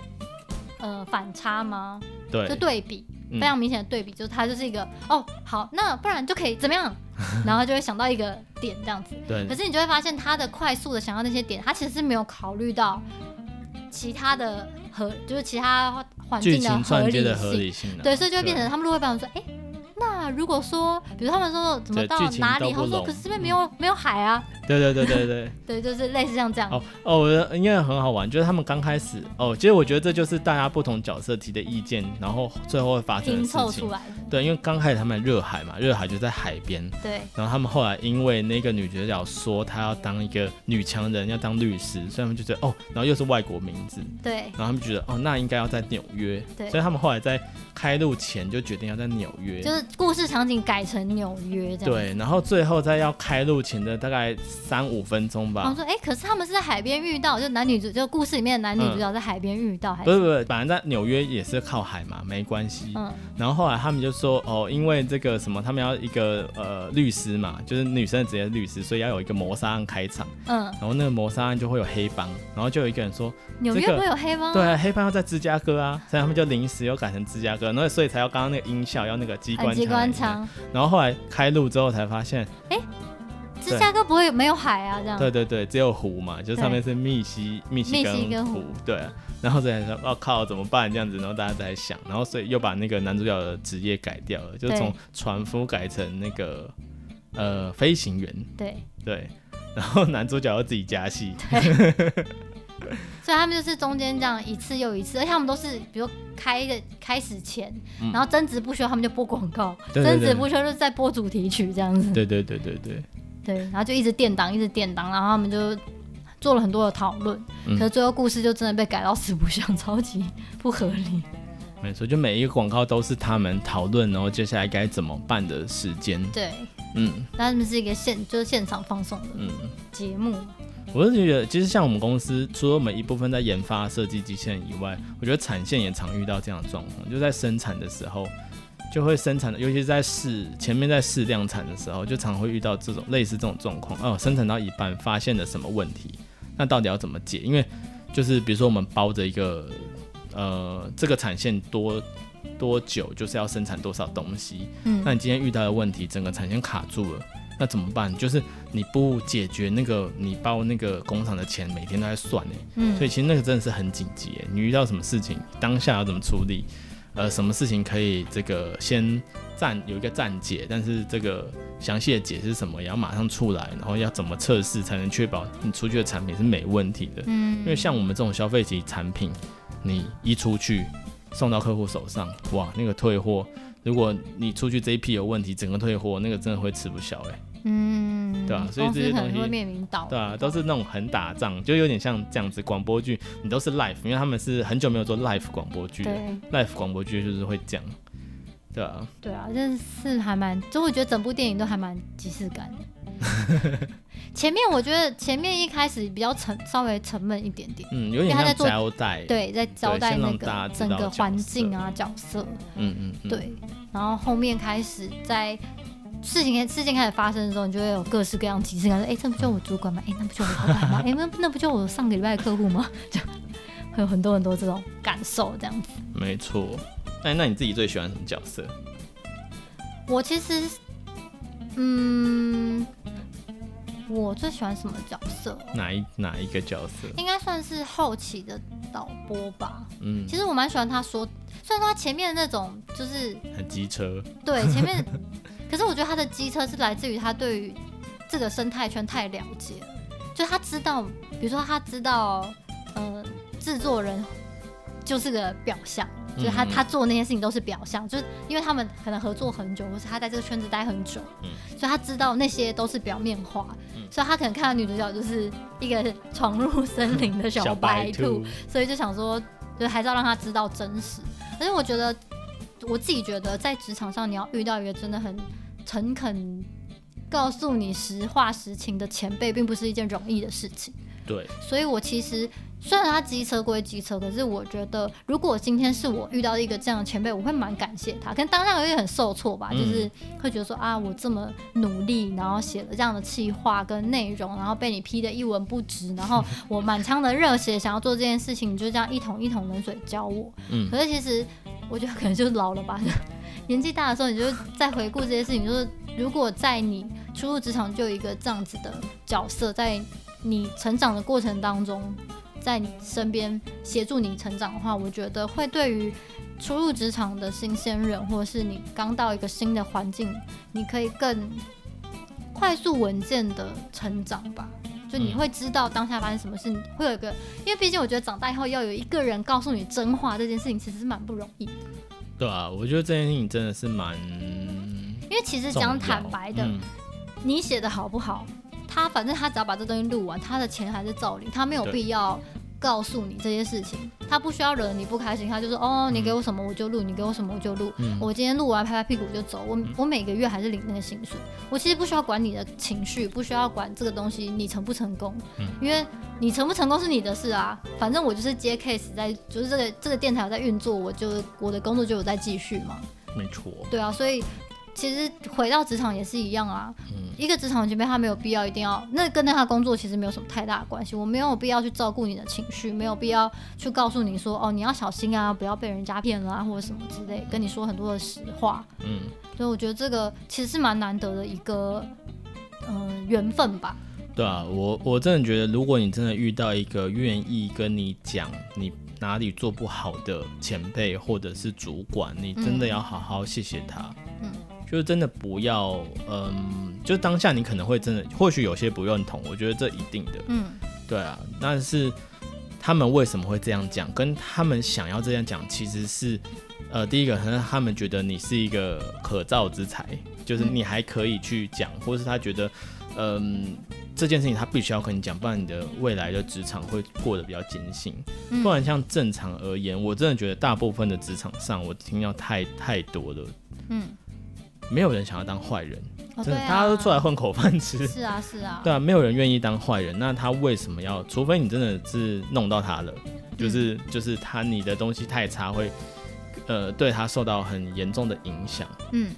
呃，反差嘛？對，就對比，非常明顯的對比，嗯、就是他就是一個，哦，好，那不然就可以怎麼樣？ 然後就會想到一個點這樣子，對。可是你就會發現，他的快速的想到那些點，他其實是沒有考慮到其他的和，就是其他環境的合理性，劇情銜接的合理
性，啊。對，所以就會變成他
們路幫朋友說，哎，欸。那如果說，比如他們說怎麼到哪裡，然後說可是這邊沒有、嗯、沒有海
啊，對對對對對 對，就是類似像這樣。哦哦，我覺得應該很好玩，就是他們剛開始哦，其實我覺得這就是大家不同角色提的意見，然後最後會發生拼湊出來。對，因為剛開始他們熱海嘛，熱海就在海邊。對。然後他們後來因為那個女主角說她要當一個女強人，要當律師，所以他們就覺得哦，然後又是外國名字。對。然後他們覺得哦，那應該要在紐約。對。所以他們後來在開錄前就決定要在紐約。就是。
故事場景改成紐約這樣，對，
然後最後再要開錄前的大概三五分鐘吧。他、啊、們
說，哎、欸，可是他們是在海邊遇到，就男女主就故事裡面的男女主角在海邊遇到，不、嗯、是
不是，反正在紐約也是靠海嘛，沒關
係。
嗯，然後後來他們就說，哦，因為這個什麼，他們要一個呃律師嘛，就是女生的職業律師，所以要有一個謀殺案開場。嗯，然後那個謀殺案就會有黑幫，然後就有一個人說，紐約不會有黑幫、啊這個。對、啊，黑幫要在芝加哥啊，所以他們就臨時又改成芝加哥，那所以才要剛剛那個音效要那個機關。機關槍，然後後來開路之後才發現，哎、欸，芝加哥
不會沒有海啊？這
樣對對對，只有湖嘛，就上面是密西密西，密西根湖，對、啊。然後在說，我、啊、靠，怎麼辦？這樣子，然後大家在想，然後所以又把那個男主角的職業改掉了，就從船夫改成那個呃飛行員，對對。然後男主角要自己加戲。
所以他們就是中間這樣一次又一次，而且他們都是，比如說開的開始前，嗯、然後爭執不休，他們就播廣告，對對對，爭執不休就是在播主題曲這樣子。對
對對對對對，
對然後就一直墊檔，一直墊檔，然後他們就做了很多的討論、嗯，可是最後故事就真的被改到四不像，超級不合理。
沒錯，就每一個廣告都是他們討論，然後接下來該怎麼辦的時間。對，嗯，
但他們是一個現就是現場放送的節、嗯、目。
我是覺得，其實像我們公司，除了我們一部分在研發、設計機器人以外，我覺得產線也常遇到這樣的狀況。就在生產的時候，就會生產，尤其是在試前面在試量產的時候，就常會遇到這種類似這種狀況。哦、呃，生產到一半發現了什麼問題？那到底要怎麼解？因為就是比如說我們包着一個，呃，這個產線多多久就是要生產多少東西？嗯，那你今天遇到的問題，整個產線卡住了。那怎麼辦？就是你不解決那個你包那個工廠的錢，每天都在算。哎、嗯，所以其實那個真的是很緊急，你遇到什麼事情，當下要怎麼處理？呃，什麼事情可以這個先暫有一個暫解，但是這個詳細的解釋什麼也要馬上出來，然後要怎麼測試才能確保你出去的產品是沒問題的？嗯，因為像我們這種消費級產品，你一出去送到客戶手上，哇，那個退貨。如果你出去這一批有問題，整個退貨，那個真的會吃不消欸。
嗯，
對啊，所以這些東西會面臨倒。對啊，都是那種很打仗，就有點像這樣子廣播劇，你都是 live，因為他們是很久沒有做 live 廣播劇的。對，live 廣播劇就是會講，對啊
對啊，就是還蠻，就我覺得整部電影都還蠻即視感的。 前面我覺得前面一開始比較沉，稍微沉悶一點
點，嗯，有點因為他在做交代，對，在交代那個整個環
境啊，角色，角色嗯嗯，對。然後後面開始在事情事情開始發生的時候，你就會有各式各樣既視感，說，哎、欸，這不就我主管嗎？哎、欸，那不就我老板嗎？哎、 欸，那那不就我上個禮拜的客戶嗎？就會有很多很多這種感受，這樣子。
沒錯。那、欸、那你自己最喜歡什麼角色？
我其實。嗯，我最喜歡什麼角色？
哪一哪一個角色？
應該算是後期的導播吧。嗯，其實我蠻喜歡他說，雖然說他前面的那種就是
很機車，對，前面。
可是我覺得他的機車是來自於他對於這個生態圈太了解了，就他知道，比如說他知道，呃，制作人。就是個表象，就是他他做那些事情都是表象、嗯，就是因為他們可能合作很久，或是他在這個圈子待很久、嗯，所以他知道那些都是表面化、嗯，所以他可能看到女主角就是一個闖入森林的小白，小白兔，所以就想說，就是、還是要讓他知道真實。但是我覺得，我自己覺得在職場上，你要遇到一個真的很誠懇，告訴你實話實情的前輩，並不是一件容易的事情。對，所以我其實。雖然他機車歸機車，可是我覺得如果今天是我遇到一個這樣的前輩，我會蠻感謝他。可能當下有點很受挫吧、嗯，就是會覺得說啊，我這麼努力，然後寫了這樣的企劃跟內容，然後被你批得一文不值，然後我滿腔的熱血 想要做這件事情，你就這樣一桶一桶冷水澆我、嗯。可是其實我覺得可能就是老了吧， 年紀大的時候，你就再回顧這些事情， 就是如果在你初入職場就有一個這樣子的角色，在你成長的過程當中。在你身邊協助你成長的話，我覺得會對於初入職場的新鮮人，或者是你剛到一個新的環境，你可以更快速穩健的成長吧。就你會知道當下發生什麼事、嗯，你會有一個，因為畢竟我覺得長大以後要有一個人告訴你真話這件事情，其實是蠻不容易的。
對啊，我覺得這件事情真的是蠻，因
為其實講坦白的，嗯、你寫的好不好？他反正他只要把這東西錄完，他的錢還是照領，他沒有必要告訴你這些事情，他不需要惹你不開心，他就說哦，你給我什麼我就錄、嗯，你給我什麼我就錄，我今天錄完拍拍屁股就走，我、嗯、我每個月還是領那個薪水，我其實不需要管你的情緒，不需要管這個東西你成不成功、嗯，因為你成不成功是你的事啊，反正我就是接 case 在，就是這個這個電台在運作，我就我的工作就有在繼續嘛，
沒錯，對
啊，所以。其實回到職場也是一樣啊，嗯，一個職場前輩他沒有必要一定要，那跟那他工作其實沒有什麼太大的關係，我沒有必要去照顧你的情緒，沒有必要去告訴你說哦，你要小心啊，不要被人家騙了啊，或者什麼之類，跟你說很多的實話。嗯，所以我覺得這個其實是蠻難得的一個，嗯，呃，緣分吧。
對啊，我我真的覺得，如果你真的遇到一個願意跟你講你哪裡做不好的前輩或者是主管，你真的要好好謝謝他。嗯。嗯就是真的不要，嗯，就當下你可能會真的，或許有些不認同，我覺得這一定的，嗯，對啊。但是他們為什麼會這樣講，跟他們想要這樣講，其實是，呃，第一個可能他們覺得你是一個可造之才，就是你還可以去講，嗯，或是他覺得，嗯，這件事情他必須要跟你講，不然你的未來的職場會過得比較艱辛。不然像正常而言，我真的覺得大部分的職場上，我聽到太太多了，嗯。沒有人想要當壞人。哦，真的，啊，大家都出來混口飯吃。是啊，
是啊。對
啊，沒有人願意當壞人。那他為什麼要？除非你真的是弄到他了，嗯，就是就是他你的東西太差，會呃對他受到很嚴重的影響。嗯。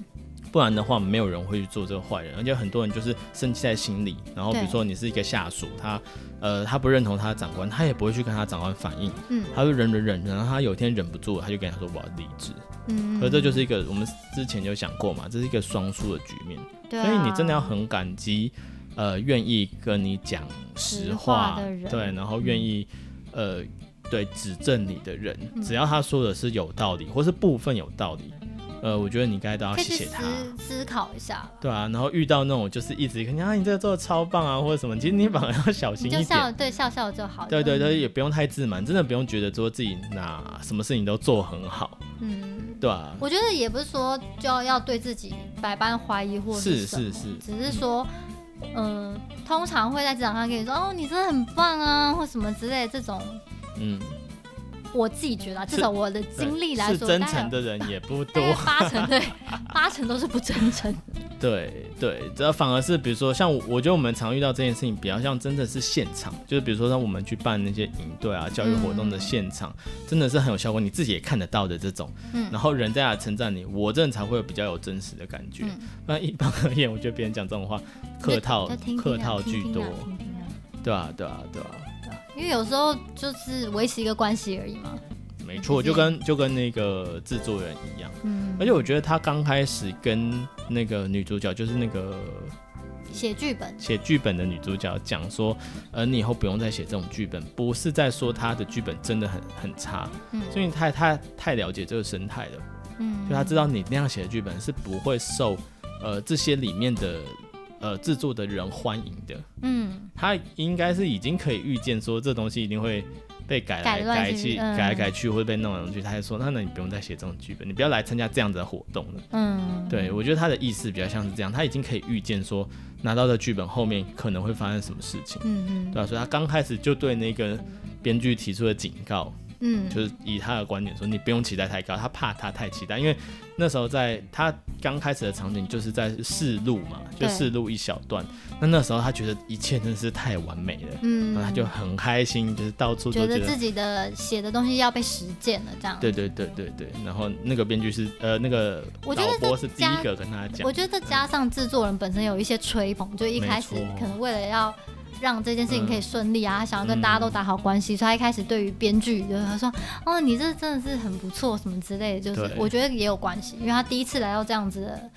不然的話，沒有人會去做這個壞人，而且很多人就是生氣在心裡。然後，比如說你是一個下屬，他，呃，他不認同他的長官，他也不會去跟他長官反映。嗯，他就忍忍忍，然後他有一天忍不住，他就跟他說我要離職。嗯，所以這就是一個我們之前就想過嘛，這是一個雙輸的局面，對啊。所以你真的要很感激，呃，願意跟你講實話、實話的人對，然後願意、嗯，呃，對，指正你的人，只要他說的是有道理，或是部分有道理。呃，我覺得你該都要謝謝他。思，
思考一下。
對啊，然後遇到那種就是一直肯定啊，你這個做的超棒啊，或者什麼，其實你反而要小心一點。就笑，笑
笑對，笑笑就好。對對
對，對、嗯，也不用太自滿，真的不用覺得說自己哪什麼事情都做很好。
嗯，對啊，我覺得也不是說就要，要對自己百般懷疑，或是是是，是，只是說，嗯、呃，通常會在職場上跟你說、嗯，哦，你真的很棒啊，或什麼之類的這種，嗯。我自己覺得、啊，至少我的經歷來說，是,是真誠
的人也不多，八成
對，八 成都是不真誠的。
對對，這反而是，比如說像我我覺得我們常遇到這件事情，比較像真的是現場，就是比如說讓我們去辦那些營隊啊、嗯、教育活動的現場，真的是很有效果，你自己也看得到的這種。嗯、然後人在那稱讚你，我這人才會有比較有真實的感覺。那、嗯、一般而言，我覺得別人講這種話，客套聽聽客套居多聽聽聽
聽。
對啊，對啊，對啊。對啊
因為有時候就是維持一個關係而已嘛。
沒錯，就跟就跟那個制作人一樣。嗯。而且我覺得他剛開始跟那個女主角，就是那個寫劇本寫劇本的女主角講說，呃，你以後不用再寫這種劇本，不是在說他的劇本真的很很差。嗯。所以他他，他太了解這個生態了。嗯。
就他知道
你那樣寫的劇本是不會受呃這些裡面的。呃，製作的人歡迎的，嗯，他應該是已經可以預見說這東西一定會被改來改去，改來改去會、嗯、被弄上去，他就說，那那你不用再寫這種劇本，你不要來參加這樣子的活動了，嗯，對，我覺得他的意思比較像是這樣，他已經可以預見說拿到的劇本後面可能會發生什麼事情，嗯嗯，對啊，所以他剛開始就對那個編劇提出了警告。嗯，就是以他的觀點說，你不用期待太高，他怕他太期待，因為那時候在他剛開始的場景就是在試錄嘛，就試錄一小段，那那時候他覺得一切真的是太完美了，嗯，然後他就很開心，就是到處覺得，覺得自己
的寫的東西要被實踐了這樣。對
對對對對，然後那個編劇是呃那個導播是第一個跟他講，我覺得這
加上製作人本身有一些吹捧，嗯，就一開始可能為了要。讓這件事情可以順利啊，他、嗯、想要跟大家都打好關係，嗯，所以他一開始對於編劇，就是他說，哦，你這真的是很不錯，什麼之類的，就是我覺得也有關係，因為他第一次來到這樣子的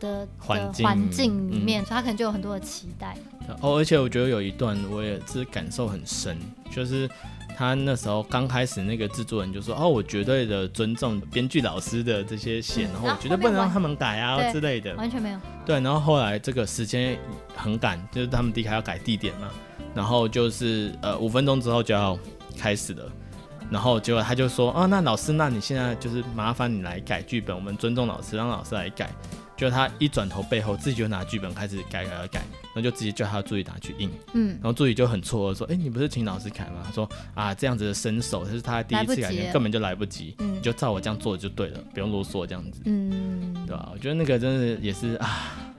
的環境，環境裡面，嗯，所以他可能就有很多的期待。
哦，而且我覺得有一段我也是感受很深，就是。他那時候剛開始，那個製作人就說：“哦，我絕對的尊重編劇老師的這些線，然後我絕對不能讓他們改啊之類的。嗯後後”完全沒
有。
對，然後後來這個時間很趕，就是他們離開要改地點嘛，然後就是呃五分鐘之後就要開始了，然後結果他就說：“哦，那老師，那你現在就是麻煩你來改劇本，我們尊重老師，讓老師來改。”就他一轉頭，背後自己就拿劇本開始改改改，然後就直接叫他助理拿去印。嗯，然後助理就很錯愕說：“哎，你不是請老師改嗎？”他說：“啊，這樣子的伸手這是他第一次感覺根本就來不及、嗯，你就照我這樣做就對了，不用囉嗦這樣子。”
嗯，
對吧、啊？我覺得那個真的也是啊，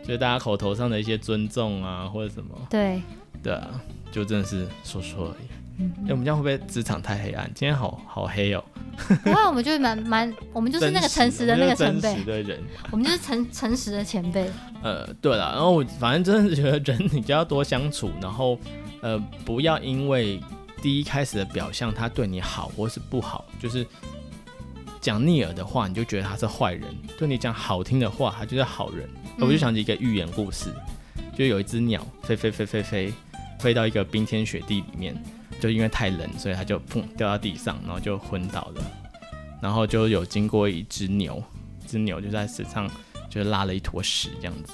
就是大家口頭上的一些尊重啊或者什麼。對。對啊，就真的是說說而已。哎、嗯欸，我們這樣會不會職場太黑暗？今天好好黑哦、喔！
然 後我們就是蠻蠻，我們就是那個誠實的那個前輩的人，我們就是誠誠實的前輩。
呃，對了，然後我反正真的覺得人，你就要多相處，然後呃，不要因為第一開始的表象，他對你好或是不好，就是講逆耳的話，你就覺得他是壞人；對你講好聽的話，他就是好人。嗯、我就想起一個寓言故事，就有一隻鳥飛飛，飛飛飛飛飛，飛到一個冰天雪地裡面。就因為太冷，所以他就砰掉到地上，然後就昏倒了。然後就有經過一隻牛，一隻牛就在死上就拉了一坨屎這樣子。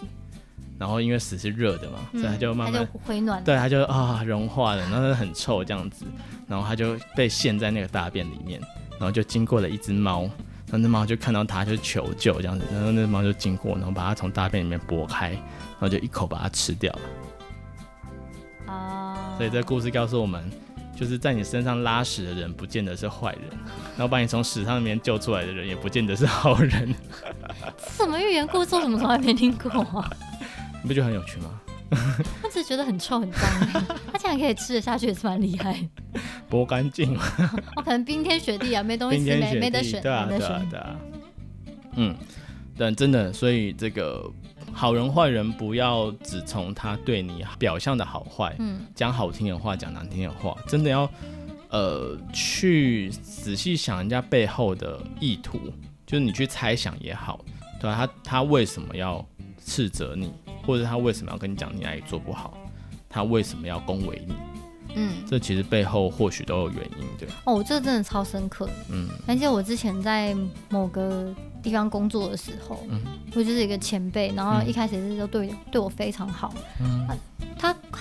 然後因為屎是熱的嘛，嗯、所以它就慢慢就回暖，對它就啊融化了。然後很臭這樣子，然後它就被陷在那個大便裡面。然後就經過了一隻貓，然後那隻貓就看到它就求救這樣子。然後那隻貓就經過，然後把它從大便裡面撥開，然後就一口把它吃掉了。啊、所以這故事告訴我們。就是在你身上拉屎的人不見得是壞人，然後把你從屎上面救出來的人也不見得是好人。
什麼寓言故事？我怎麼從來沒聽過啊？
你 不覺得很有趣嗎？
他 只是覺得很臭很髒，他竟然可以吃得下去，也是蠻厲害。
剝乾淨。我
可能冰天雪地啊，沒東西沒沒得選。對啊，對啊，
對啊。 嗯，但真的，所以這個。好人壞人不要只從他對你表象的好壞，嗯，講好聽的話，講難聽的話，真的要，呃，去仔細想人家背後的意圖，就是你去猜想也好，對啊，他他為什麼要斥責你，或者他為什麼要跟你講你哪裡做不好，他為什麼要恭維你，嗯，這其實背後或許都有原因，對，
哦，我這真的超深刻，嗯，而且我之前在某個。地方工作的時候，嗯、我就是一個前輩，然後一開始是都對、嗯、對我非常好。嗯啊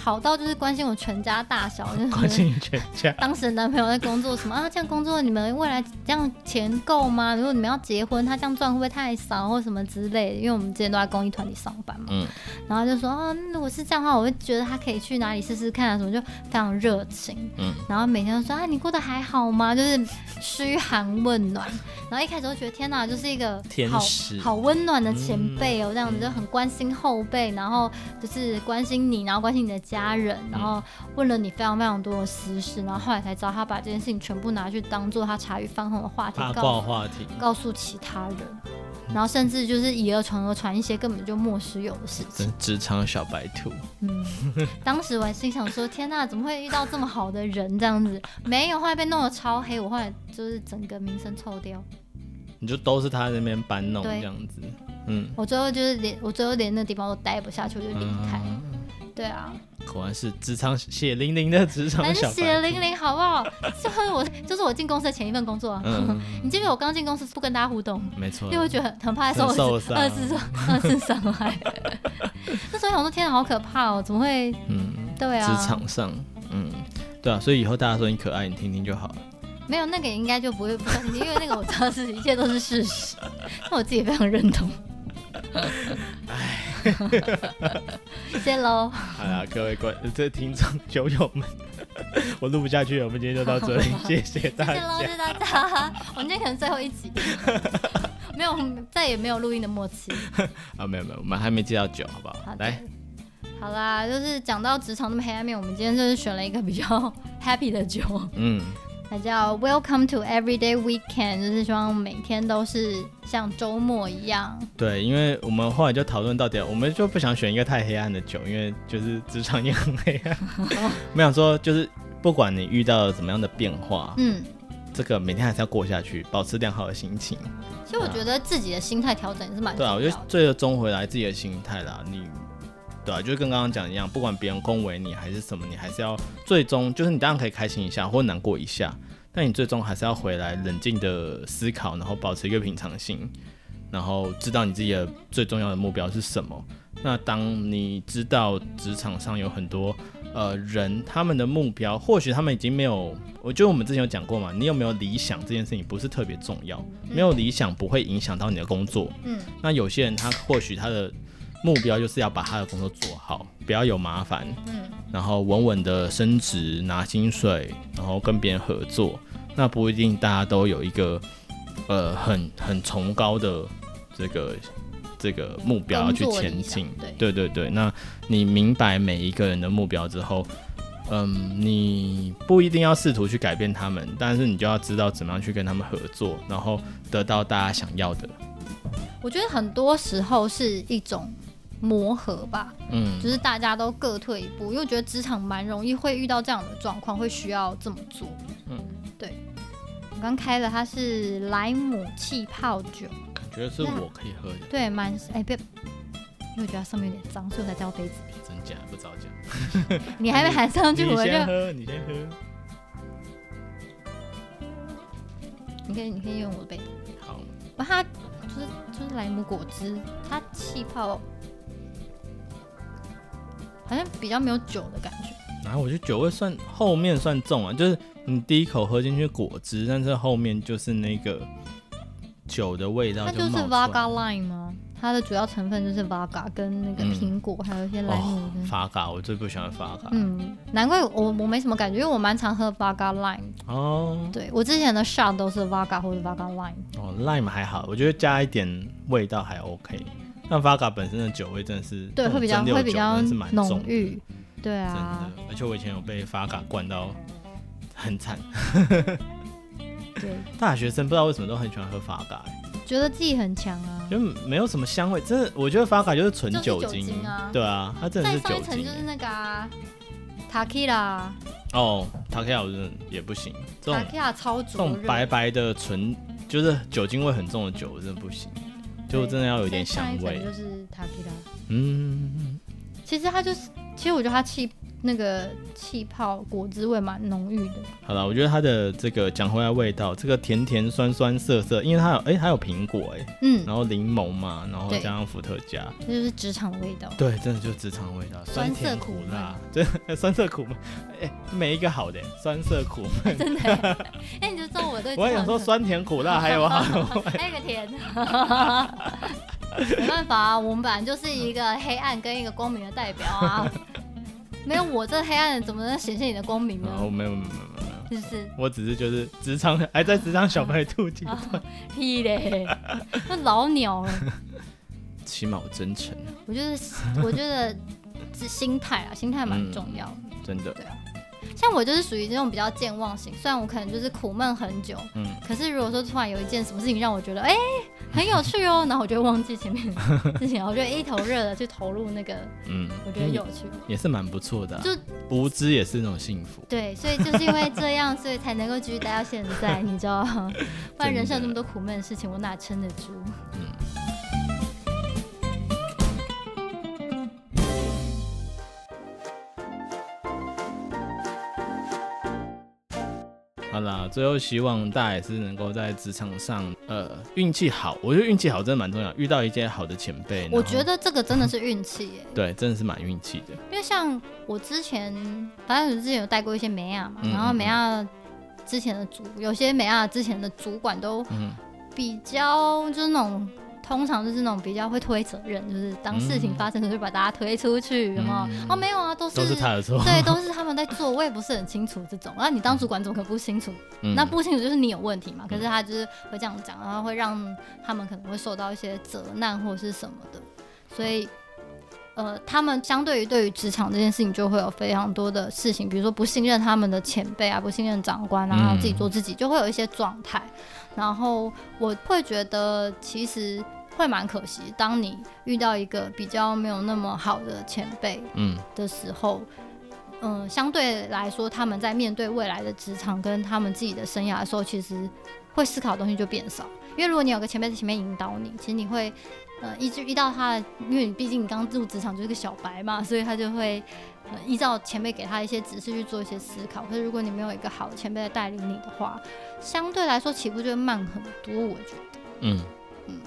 好到就是關心我全家大小，就是關心
全家、
當時的男朋友在工作什麼啊、這樣工作你們未來這樣錢夠嗎？如果你們要結婚，他這樣賺會不會太少或什麼之類的？因為我們之前都在公益團裡上班嘛，嗯，然後就說啊，如果是這樣的話，我會覺得他可以去哪裡試試看啊什麼，就非常熱情，嗯，然後每天都說啊，你過得還好嗎？就是噓寒問暖。然後一開始都覺得天哪，就是一個好、好溫暖的前輩哦、喔，這樣子就很關心後輩，然後就是關心你，然後關心你的家、家人，然後問了你非常非常多的私事，然後後來才知道他把這件事情全部拿去當做他茶餘飯後的話題，八卦話題，告，告訴其他人、嗯，然後甚至就是以訛傳訛，傳一些根本就莫須有的事情。
是職場小白兔。嗯，
當時我還心想說， 天吶，怎麼會遇到這麼好的人這樣子？沒有，後來被弄得超黑，我後來就是整個名聲臭掉。
你就都是他那邊搬弄這樣子。
嗯，我最後就是連我最後連那地方都待不下去，我就離
開。嗯對啊，果然是職場血淋淋的職場，很血
淋淋，好不好？就是我，就是我進公司的前一份工作。啊。嗯、 你記不記得我剛進公司不跟大家互動，
沒錯，因為我覺
得很怕 20, 很受二次二次二次傷害。20, 20 那所以我說天吶，好可怕哦、喔，怎麼會？嗯，對啊。職場
上，嗯，對啊，所以以後大家說你可愛，你聽聽就好了。
沒有那個應該就不會不相信， 因為那個我知道是一切都是事實，那 我自己也非常認同。哎 唉， 謝謝嘍！
好了，各位觀這聽眾酒友們，我錄不下去了，我們今天就到這裡，謝謝大家，謝謝嘍，謝謝
大家。 我們今天可能最後一集，沒有再也沒有錄音的默契。
啊， 沒有沒有，我們還沒接到酒，好不好？好的。來，
好啦，就是講到職場那麼黑暗面，我們今天就是選了一個比較 happy 的酒，嗯。還叫 Welcome to Everyday Weekend，就是希望每天都是像週末一樣。
對，因為我們後來就討論到底，我們就不想選一個太黑暗的酒，因為就是職場也很黑暗。 沒想到說，就是不管你遇到怎麼樣的變化，嗯，這個每天還是要過下去，保持良好的心情。其實我覺
得自己的心態調整也是蠻重要、啊、對啊，我
覺得最終回來自己的心態啦，你。對啊，就跟剛剛講的一樣，不管別人恭維你還是什麼，你還是要最終就是你當然可以開心一下或難過一下，但你最終還是要回來冷靜的思考，然後保持一個平常心，然後知道你自己的最重要的目標是什麼。那當你知道職場上有很多呃人，他們的目標或許他們已經沒有，我覺得我們之前有講過嘛，你有沒有理想這件事情不是特別重要，嗯，沒有理想不會影響到你的工作。嗯，那有些人他或許他的。目標就是要把他的工作做好，不要有麻煩，嗯，然後穩穩的升職拿薪水，然後跟別人合作，那不一定大家都有一個呃很很崇高的這個這個目標要去前進，對對對。那你明白每一個人的目標之後，嗯，你不一定要試圖去改變他們，但是你就要知道怎麼樣去跟他們合作，然後得到大家想要的。
我覺得很多時候是一種。磨合吧，嗯，
就
是
大家都各退一步，因為我覺得職場蠻容易會遇到這樣的狀況，會需要這麼做，嗯，對。我剛開的它是萊姆氣泡酒，
感覺是我可以喝的，
對，蠻，哎、欸、別，因為我覺得它上面有點髒，所以我才倒杯子。
真
假，不早講，你還沒喊上去。 我就喝，你先喝，你先喝。
你可以，你可以用我的杯
子，
好。它就是就是萊姆果汁，它氣泡好、欸、像比較沒有酒的感覺，
然、啊、後我覺得酒味算後面算重啊，就是你第一口喝進去果汁，但是後面就是那個酒的味道。它就是 Vaga
Lime 嗎？它的主要成分就是 Vaga 跟那個蘋果、嗯，還有一些 lime 的
Vaga、哦、我最不喜歡 Vaga。嗯，
難怪我我沒什麼感覺，因為我蠻常喝 Vaga Lime。
哦，對我
之前的 shot 都是 Vaga 或者 Vaga Lime。
哦，lime 還好，我覺得加一點味道還 OK。但法卡本身的酒味真的是對會比較會比較濃郁
是是蠻，對啊，真
的。而且我以前有被法卡灌到很慘。 對。大學生不知道為什麼都很喜歡喝法卡，
覺得自己很強
啊。就沒有什麼香味，真的，我覺得法卡就是純酒精。就是酒精啊。對啊，它真的是酒
精。再上一層就是
那個啊，Tequila。哦，Tequila，我真的也不行，這種 Tequila
超這種白
白的純就是酒精味很重的酒我真的不行。就真的要有點香味。欸、就
是塔吉達。嗯，其實他就是。其實我覺得它氣那個氣泡果汁味蠻濃郁的。
好了，我覺得它的這個講回來的味道，這個甜甜酸酸澀澀，因為它有哎還有蘋果哎，嗯，然後檸檬嘛，然後加上伏特加，這就
是職場的味道。
對，真的就是職場味道，酸澀苦辣，這酸澀苦，哎，每一個好的酸澀苦悶，真的哎， 你就說我對，我也想說酸甜苦辣， 還有啊嗎，那 個
甜， 沒辦法啊，我們本來就是一個黑暗跟一個光明的代表啊。 沒有我這黑暗人怎麼能顯現你的光明呢？哦，沒有沒有沒有，就是
我只是就是職場，還在職場小白兔階段
哦，屁嘞，那 老鳥了。
起碼我真誠，
我覺、就、得、是、我覺得心態啊，心態蠻重要
的、嗯，真的。對。
像我就是屬於這種比較健忘型，雖然我可能就是苦悶很久，嗯，可是如果說突然有一件什麼事情讓我覺得哎、欸、很有趣哦， 然後我就會忘記前面的事情， 然後我就一頭熱的去投入那個，嗯，我覺得有趣，
嗯、
也是蠻不錯的、啊，就無知也是那種幸福，
對，所以就是因為這樣，所以才能夠繼續待到現在， 你知道嗎？不然人生有那麼多苦悶的事情，我哪撐得住？嗯。
啦，最後希望大家也是能夠在職場上，呃，運氣好。我覺得運氣好真的蠻重要，遇到一些好的前輩。我覺
得這個真的是運氣耶、
嗯。對，真的是蠻運氣的。
因為像我之前，反正我之前有帶過一些美亞嘛，然後美亞之前的主，嗯、有些美亞之前的主管都比較就是那種。通常就是那種比較會推責任，就是當事情發生的時候就把大家推出去，然、嗯、後、嗯、哦，沒有啊都是，都是他的錯，對，都是他們在做， 我也不是很清楚這種。那、啊、你當主管怎麼可能不清楚、嗯。那不清楚就是你有問題嘛。可是他就是會這樣講，然後會讓他們可能會受到一些責難或是什麼的。所以，嗯、呃，他們相對於對於職場這件事情就會有非常多的事情，比如說不信任他們的前輩啊，不信任長官啊，然後自己做自己就會有一些狀態、嗯。然後我會覺得其實。會蠻可惜。當你遇到一個比較沒有那麼好的前輩，嗯，的時候，嗯、呃，相對來說，他們在面對未來的職場跟他們自己的生涯的時候，其實會思考的東西就變少。因為如果你有個前輩在前面引導你，其實你會，呃，一直遇到他，因為你畢竟你剛入職場就是個小白嘛，所以他就會，呃，依照前輩給他一些指示去做一些思考。可是如果你沒有一個好的前輩來帶領你的話，相對來說起步就會慢很多。我覺得，
嗯，嗯。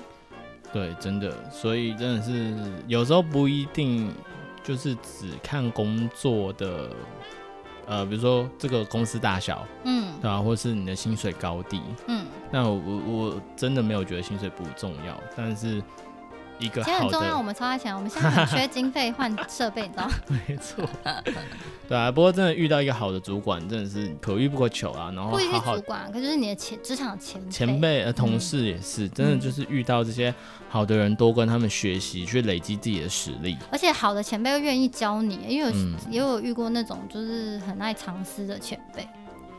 對，真的，所以真的是有時候不一定就是只看工作的，呃，比如說這個公司大小，嗯，然後、啊、或者是你的薪水高低，嗯，那我我真的沒有覺得薪水不重要，但是。其實很重要，我們超
愛錢，我們現在很缺經費換設備，你知道嗎？ 沒錯錯笑，
對啊。不過真的遇到一個好的主管，真的是可遇不可求啊。然後不一定主
管，可就是你的前職場前前
輩呃同事也是，真的就是遇到這些好的人，多跟他們學習，去累積自己的實力。
而且好的前輩又願意教你，因為有也有遇過那種就是很愛藏私的前輩。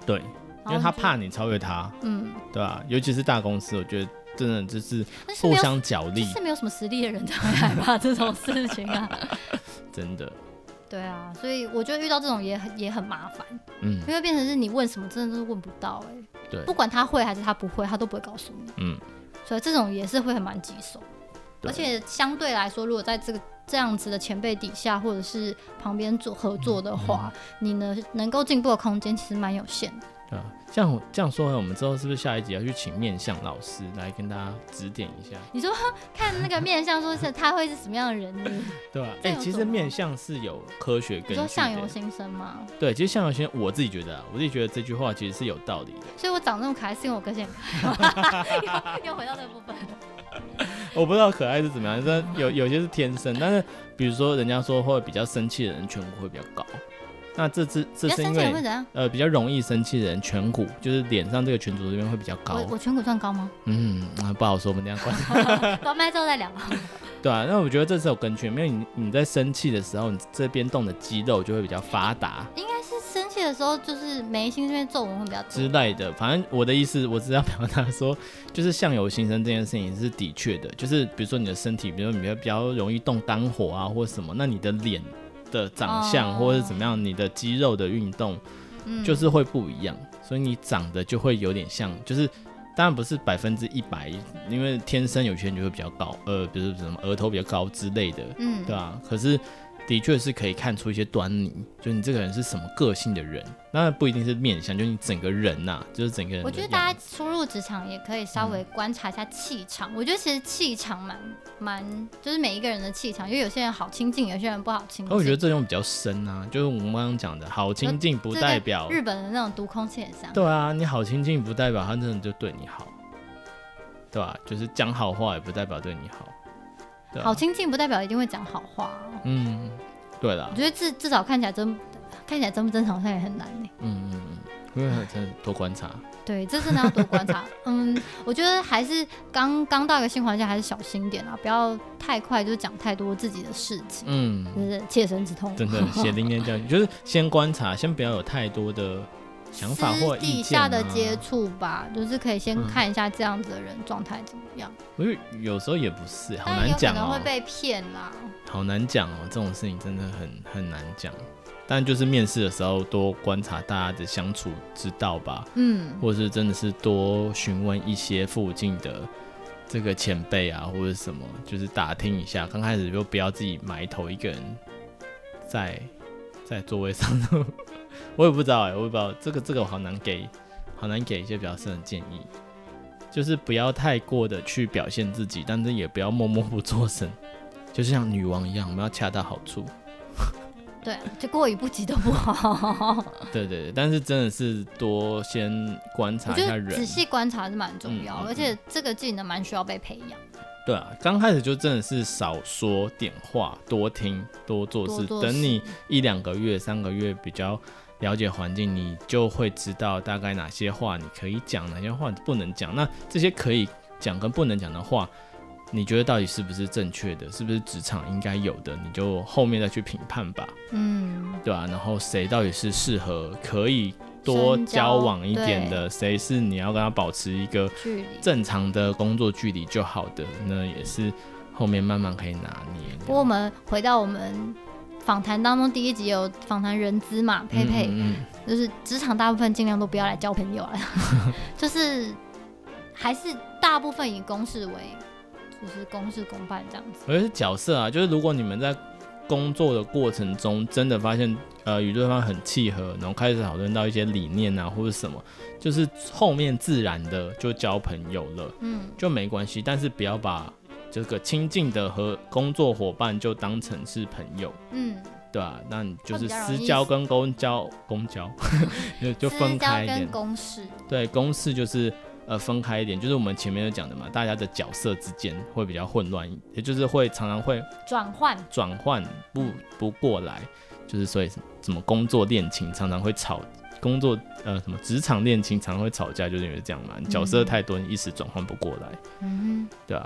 對，因為他怕你超越他。嗯，對啊，尤其是大公司，我覺得。真的就是互相角力，是沒，就是
沒有什麼實力的人才會害怕這種事情啊。
真的。
對啊，所以我覺得遇到這種也很也很麻煩，嗯，因為變成是你問什麼，真的都問不到，欸、哎，對，不管他會還是他不會，他都不會告訴你，嗯，所以這種也是會很蠻棘手。而且相對來說，如果在這個這樣子的前輩底下，或者是旁邊做合作的話，嗯嗯、你呢能夠進步的空間其實蠻有限的。
啊，像這，這樣說完，我們之後是不是下一集要去請面相老師來跟大家指點一下？你
說看那個面相，說是他會是什麼樣的人呢？
對啊，哎、欸，其實面相是有科學跟。你說相由
心生嗎？
對，其實相由心生，我自己覺得啊，我自己覺得這句話其實是有道理
的。所以我長這麼可愛，是因為我個性。 又回
到那個部
分。 我不知道可愛是怎麼樣，但有有些是天生， 但是比如說人家說會比較生氣的人，顴骨會比較高。那這次這是因為比呃比較容易生氣的人，顴骨就是臉上這個顴骨這邊會比較高。我
顴骨算高嗎？
嗯、啊，不好說，我們等下關。
關麥之後再聊。
對啊，那我覺得這是有根據，因為你你在生氣的時候，你這邊動的肌肉就會比較發達。
應該是生氣的時候，就是眉心這邊皺紋會比較之
類的。反正我的意思，我只要表達說，就是相由心生這件事情是的確的。就是比如說你的身體，比如說你比較，比較容易動肝火啊，或什麼，那你的臉。的長相、oh. 或者是怎麼樣，你的肌肉的運動、
嗯，就是
會不一樣，所以你長得就會有點像，就是當然不是百分之一百，因為天生有些人就會比較高，呃，比如什麼額頭比較高之類的，嗯，對吧、啊？可是。的確是可以看出一些端倪，就是你這個人是什麼個性的人，那不一定是面相，就你整個人吶、啊，就是整個人。我覺得大家
初入職場也可以稍微觀察一下氣場、嗯。我覺得其實氣場蠻蠻，就是每一個人的氣場，因為有些人好親近，有些人不好親近、哦。我覺得
這種比較深啊，就是我們剛剛講的好親近，不代表日
本的那種讀空氣很像。對
啊，你好親近不代表他真的就對你好，對吧、啊？就是講好話也不代表對你好。啊、好親
近不代表一定會講好話、啊。
嗯，對啦，我覺得
至至少看起來真看起來真不真誠，好像也很難呢。嗯
嗯嗯，因為很多觀察。對，這次呢要多觀察。
嗯，我覺得還是剛剛到一個新環境，還是小心點啊，不要太快就講太多自己的事情。嗯，就是切身之痛。真的，寫
留言這樣， 就是先觀察，先不要有太多的。想法或者意見、啊、底下的接
觸吧、嗯，就是可以先看一下這樣子的人狀態怎麼樣。
不是，有時候也不是，好難講哦、喔。有可能會
被騙啦，
好難講哦、喔，這種事情真的很很難講。但就是面試的時候多觀察大家的相處之道吧，嗯，或者是真的是多詢問一些附近的這個前輩啊，或者什麼，就是打聽一下。剛開始就不要自己埋頭一個人在在座位上。呵呵我也不知道哎、欸，我也不知道這個這個我好難給，好難給一些比較深的建議。就是不要太過的去表現自己，但是也不要默默不作聲，就是像女王一樣，我們要恰到好處。
對，就過與不及都不好。
對對對，但是真的是多先觀察一下人，仔細
觀察是蠻重要、嗯，而且這個技能蠻需要被培養。
對啊，剛開始就真的是少說點話，多聽多做，多做事，等你一兩個月、三個月比較。了解環境，你就會知道大概哪些話你可以講，哪些話你不能講。那這些可以講跟不能講的話，你覺得到底是不是正確的，是不是職場應該有的，你就後面再去評判吧。嗯，對啊。然後誰到底是適合可以多交往，一點的，誰是你要跟他保持一個正常的工作距離就好的，那也是後面慢慢可以拿捏。
不過我們回到我們。訪談當中第一集有訪談人資嘛，佩佩，嗯嗯嗯，就是職場大部分儘量都不要來交朋友了，啊， 就是還是大部分以公事為，就是公事公辦這樣
子。而是角色啊，就是如果你們在工作的過程中真的發現呃與對方很契合，然後開始討論到一些理念啊或是什麼，就是後面自然的就交朋友了，嗯，就沒關係，但是不要把。這、就是、個親近的和工作夥伴就當成是朋友，嗯，對啊，那你就是私交跟公交，公交 就，就分開一點。私交跟公事。對，公事就是呃分開一點，就是我們前面有講的嘛，大家的角色之間會比較混亂，也就是會常常會
轉換，
轉換不不過來，就是所以什麼工作戀情常常會吵，工作呃什麼職場戀情常常會吵架，就是因為這樣嘛，你角色太多，你一時轉換不過來，嗯對啊。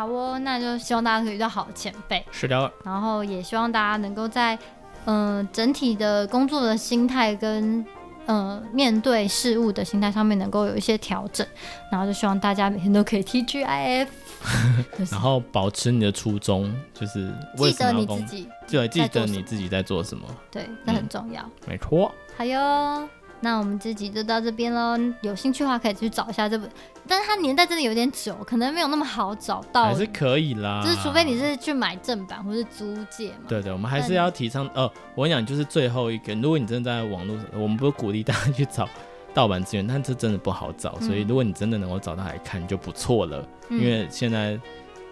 好哦，那就希望大家可以遇到好的前輩，是的，然後也希望大家能夠在，嗯、呃，整體的工作的心態跟嗯、呃、面對事物的心態上面能夠有一些調整，然後就希望大家每天都可以 TGIF， 就是、
然後保持你的初衷，就是記得你自己，記、就是、記得你自己在做什麼，
對，那、嗯、很重要，沒錯。好喲，那我們這集就到這邊嘍，有興趣的話可以去找一下這本。但是它年代真的有點久，可能沒有那麼好找到，還是
可以啦。就是除非
你是去買正版或是租借
嘛。對，對對，我們還是要提倡。呃，我跟你講，就是最後一個，如果你真的在網絡，我們不是鼓勵大家去找盜版資源，但這真的不好找。所以如果你真的能夠找到來看就不錯了，嗯，因為現在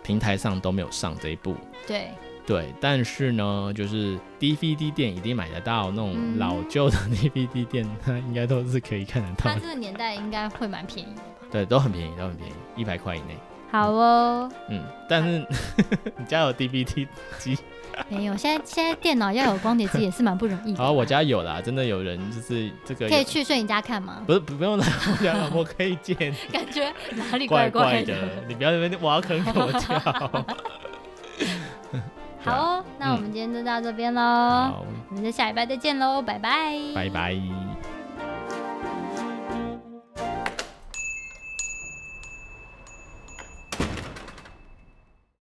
平台上都沒有上這一部。對對，但是呢，就是 DVD 店一定買得到，那種老舊的 DVD 店，它、嗯、應該都是可以看得到的。它
這個年代應該會蠻便宜的。
對，都很便宜，都很便宜，一百塊以內。
好哦。
嗯，但是呵呵你家有 D B T 機？
沒有，現在現在電腦要有光碟機也是蠻不容易的。 好，
我家有啦，真的有人就是這個。可以
去瞬移家看嗎？
不是，不不用了，我可以見。 感
覺哪裡怪怪的？
你不要那邊我要啃口叫。跳、 啊。好哦，那我們
今天就到這邊嘍，嗯，我們下禮拜再見嘍，拜拜。拜
拜。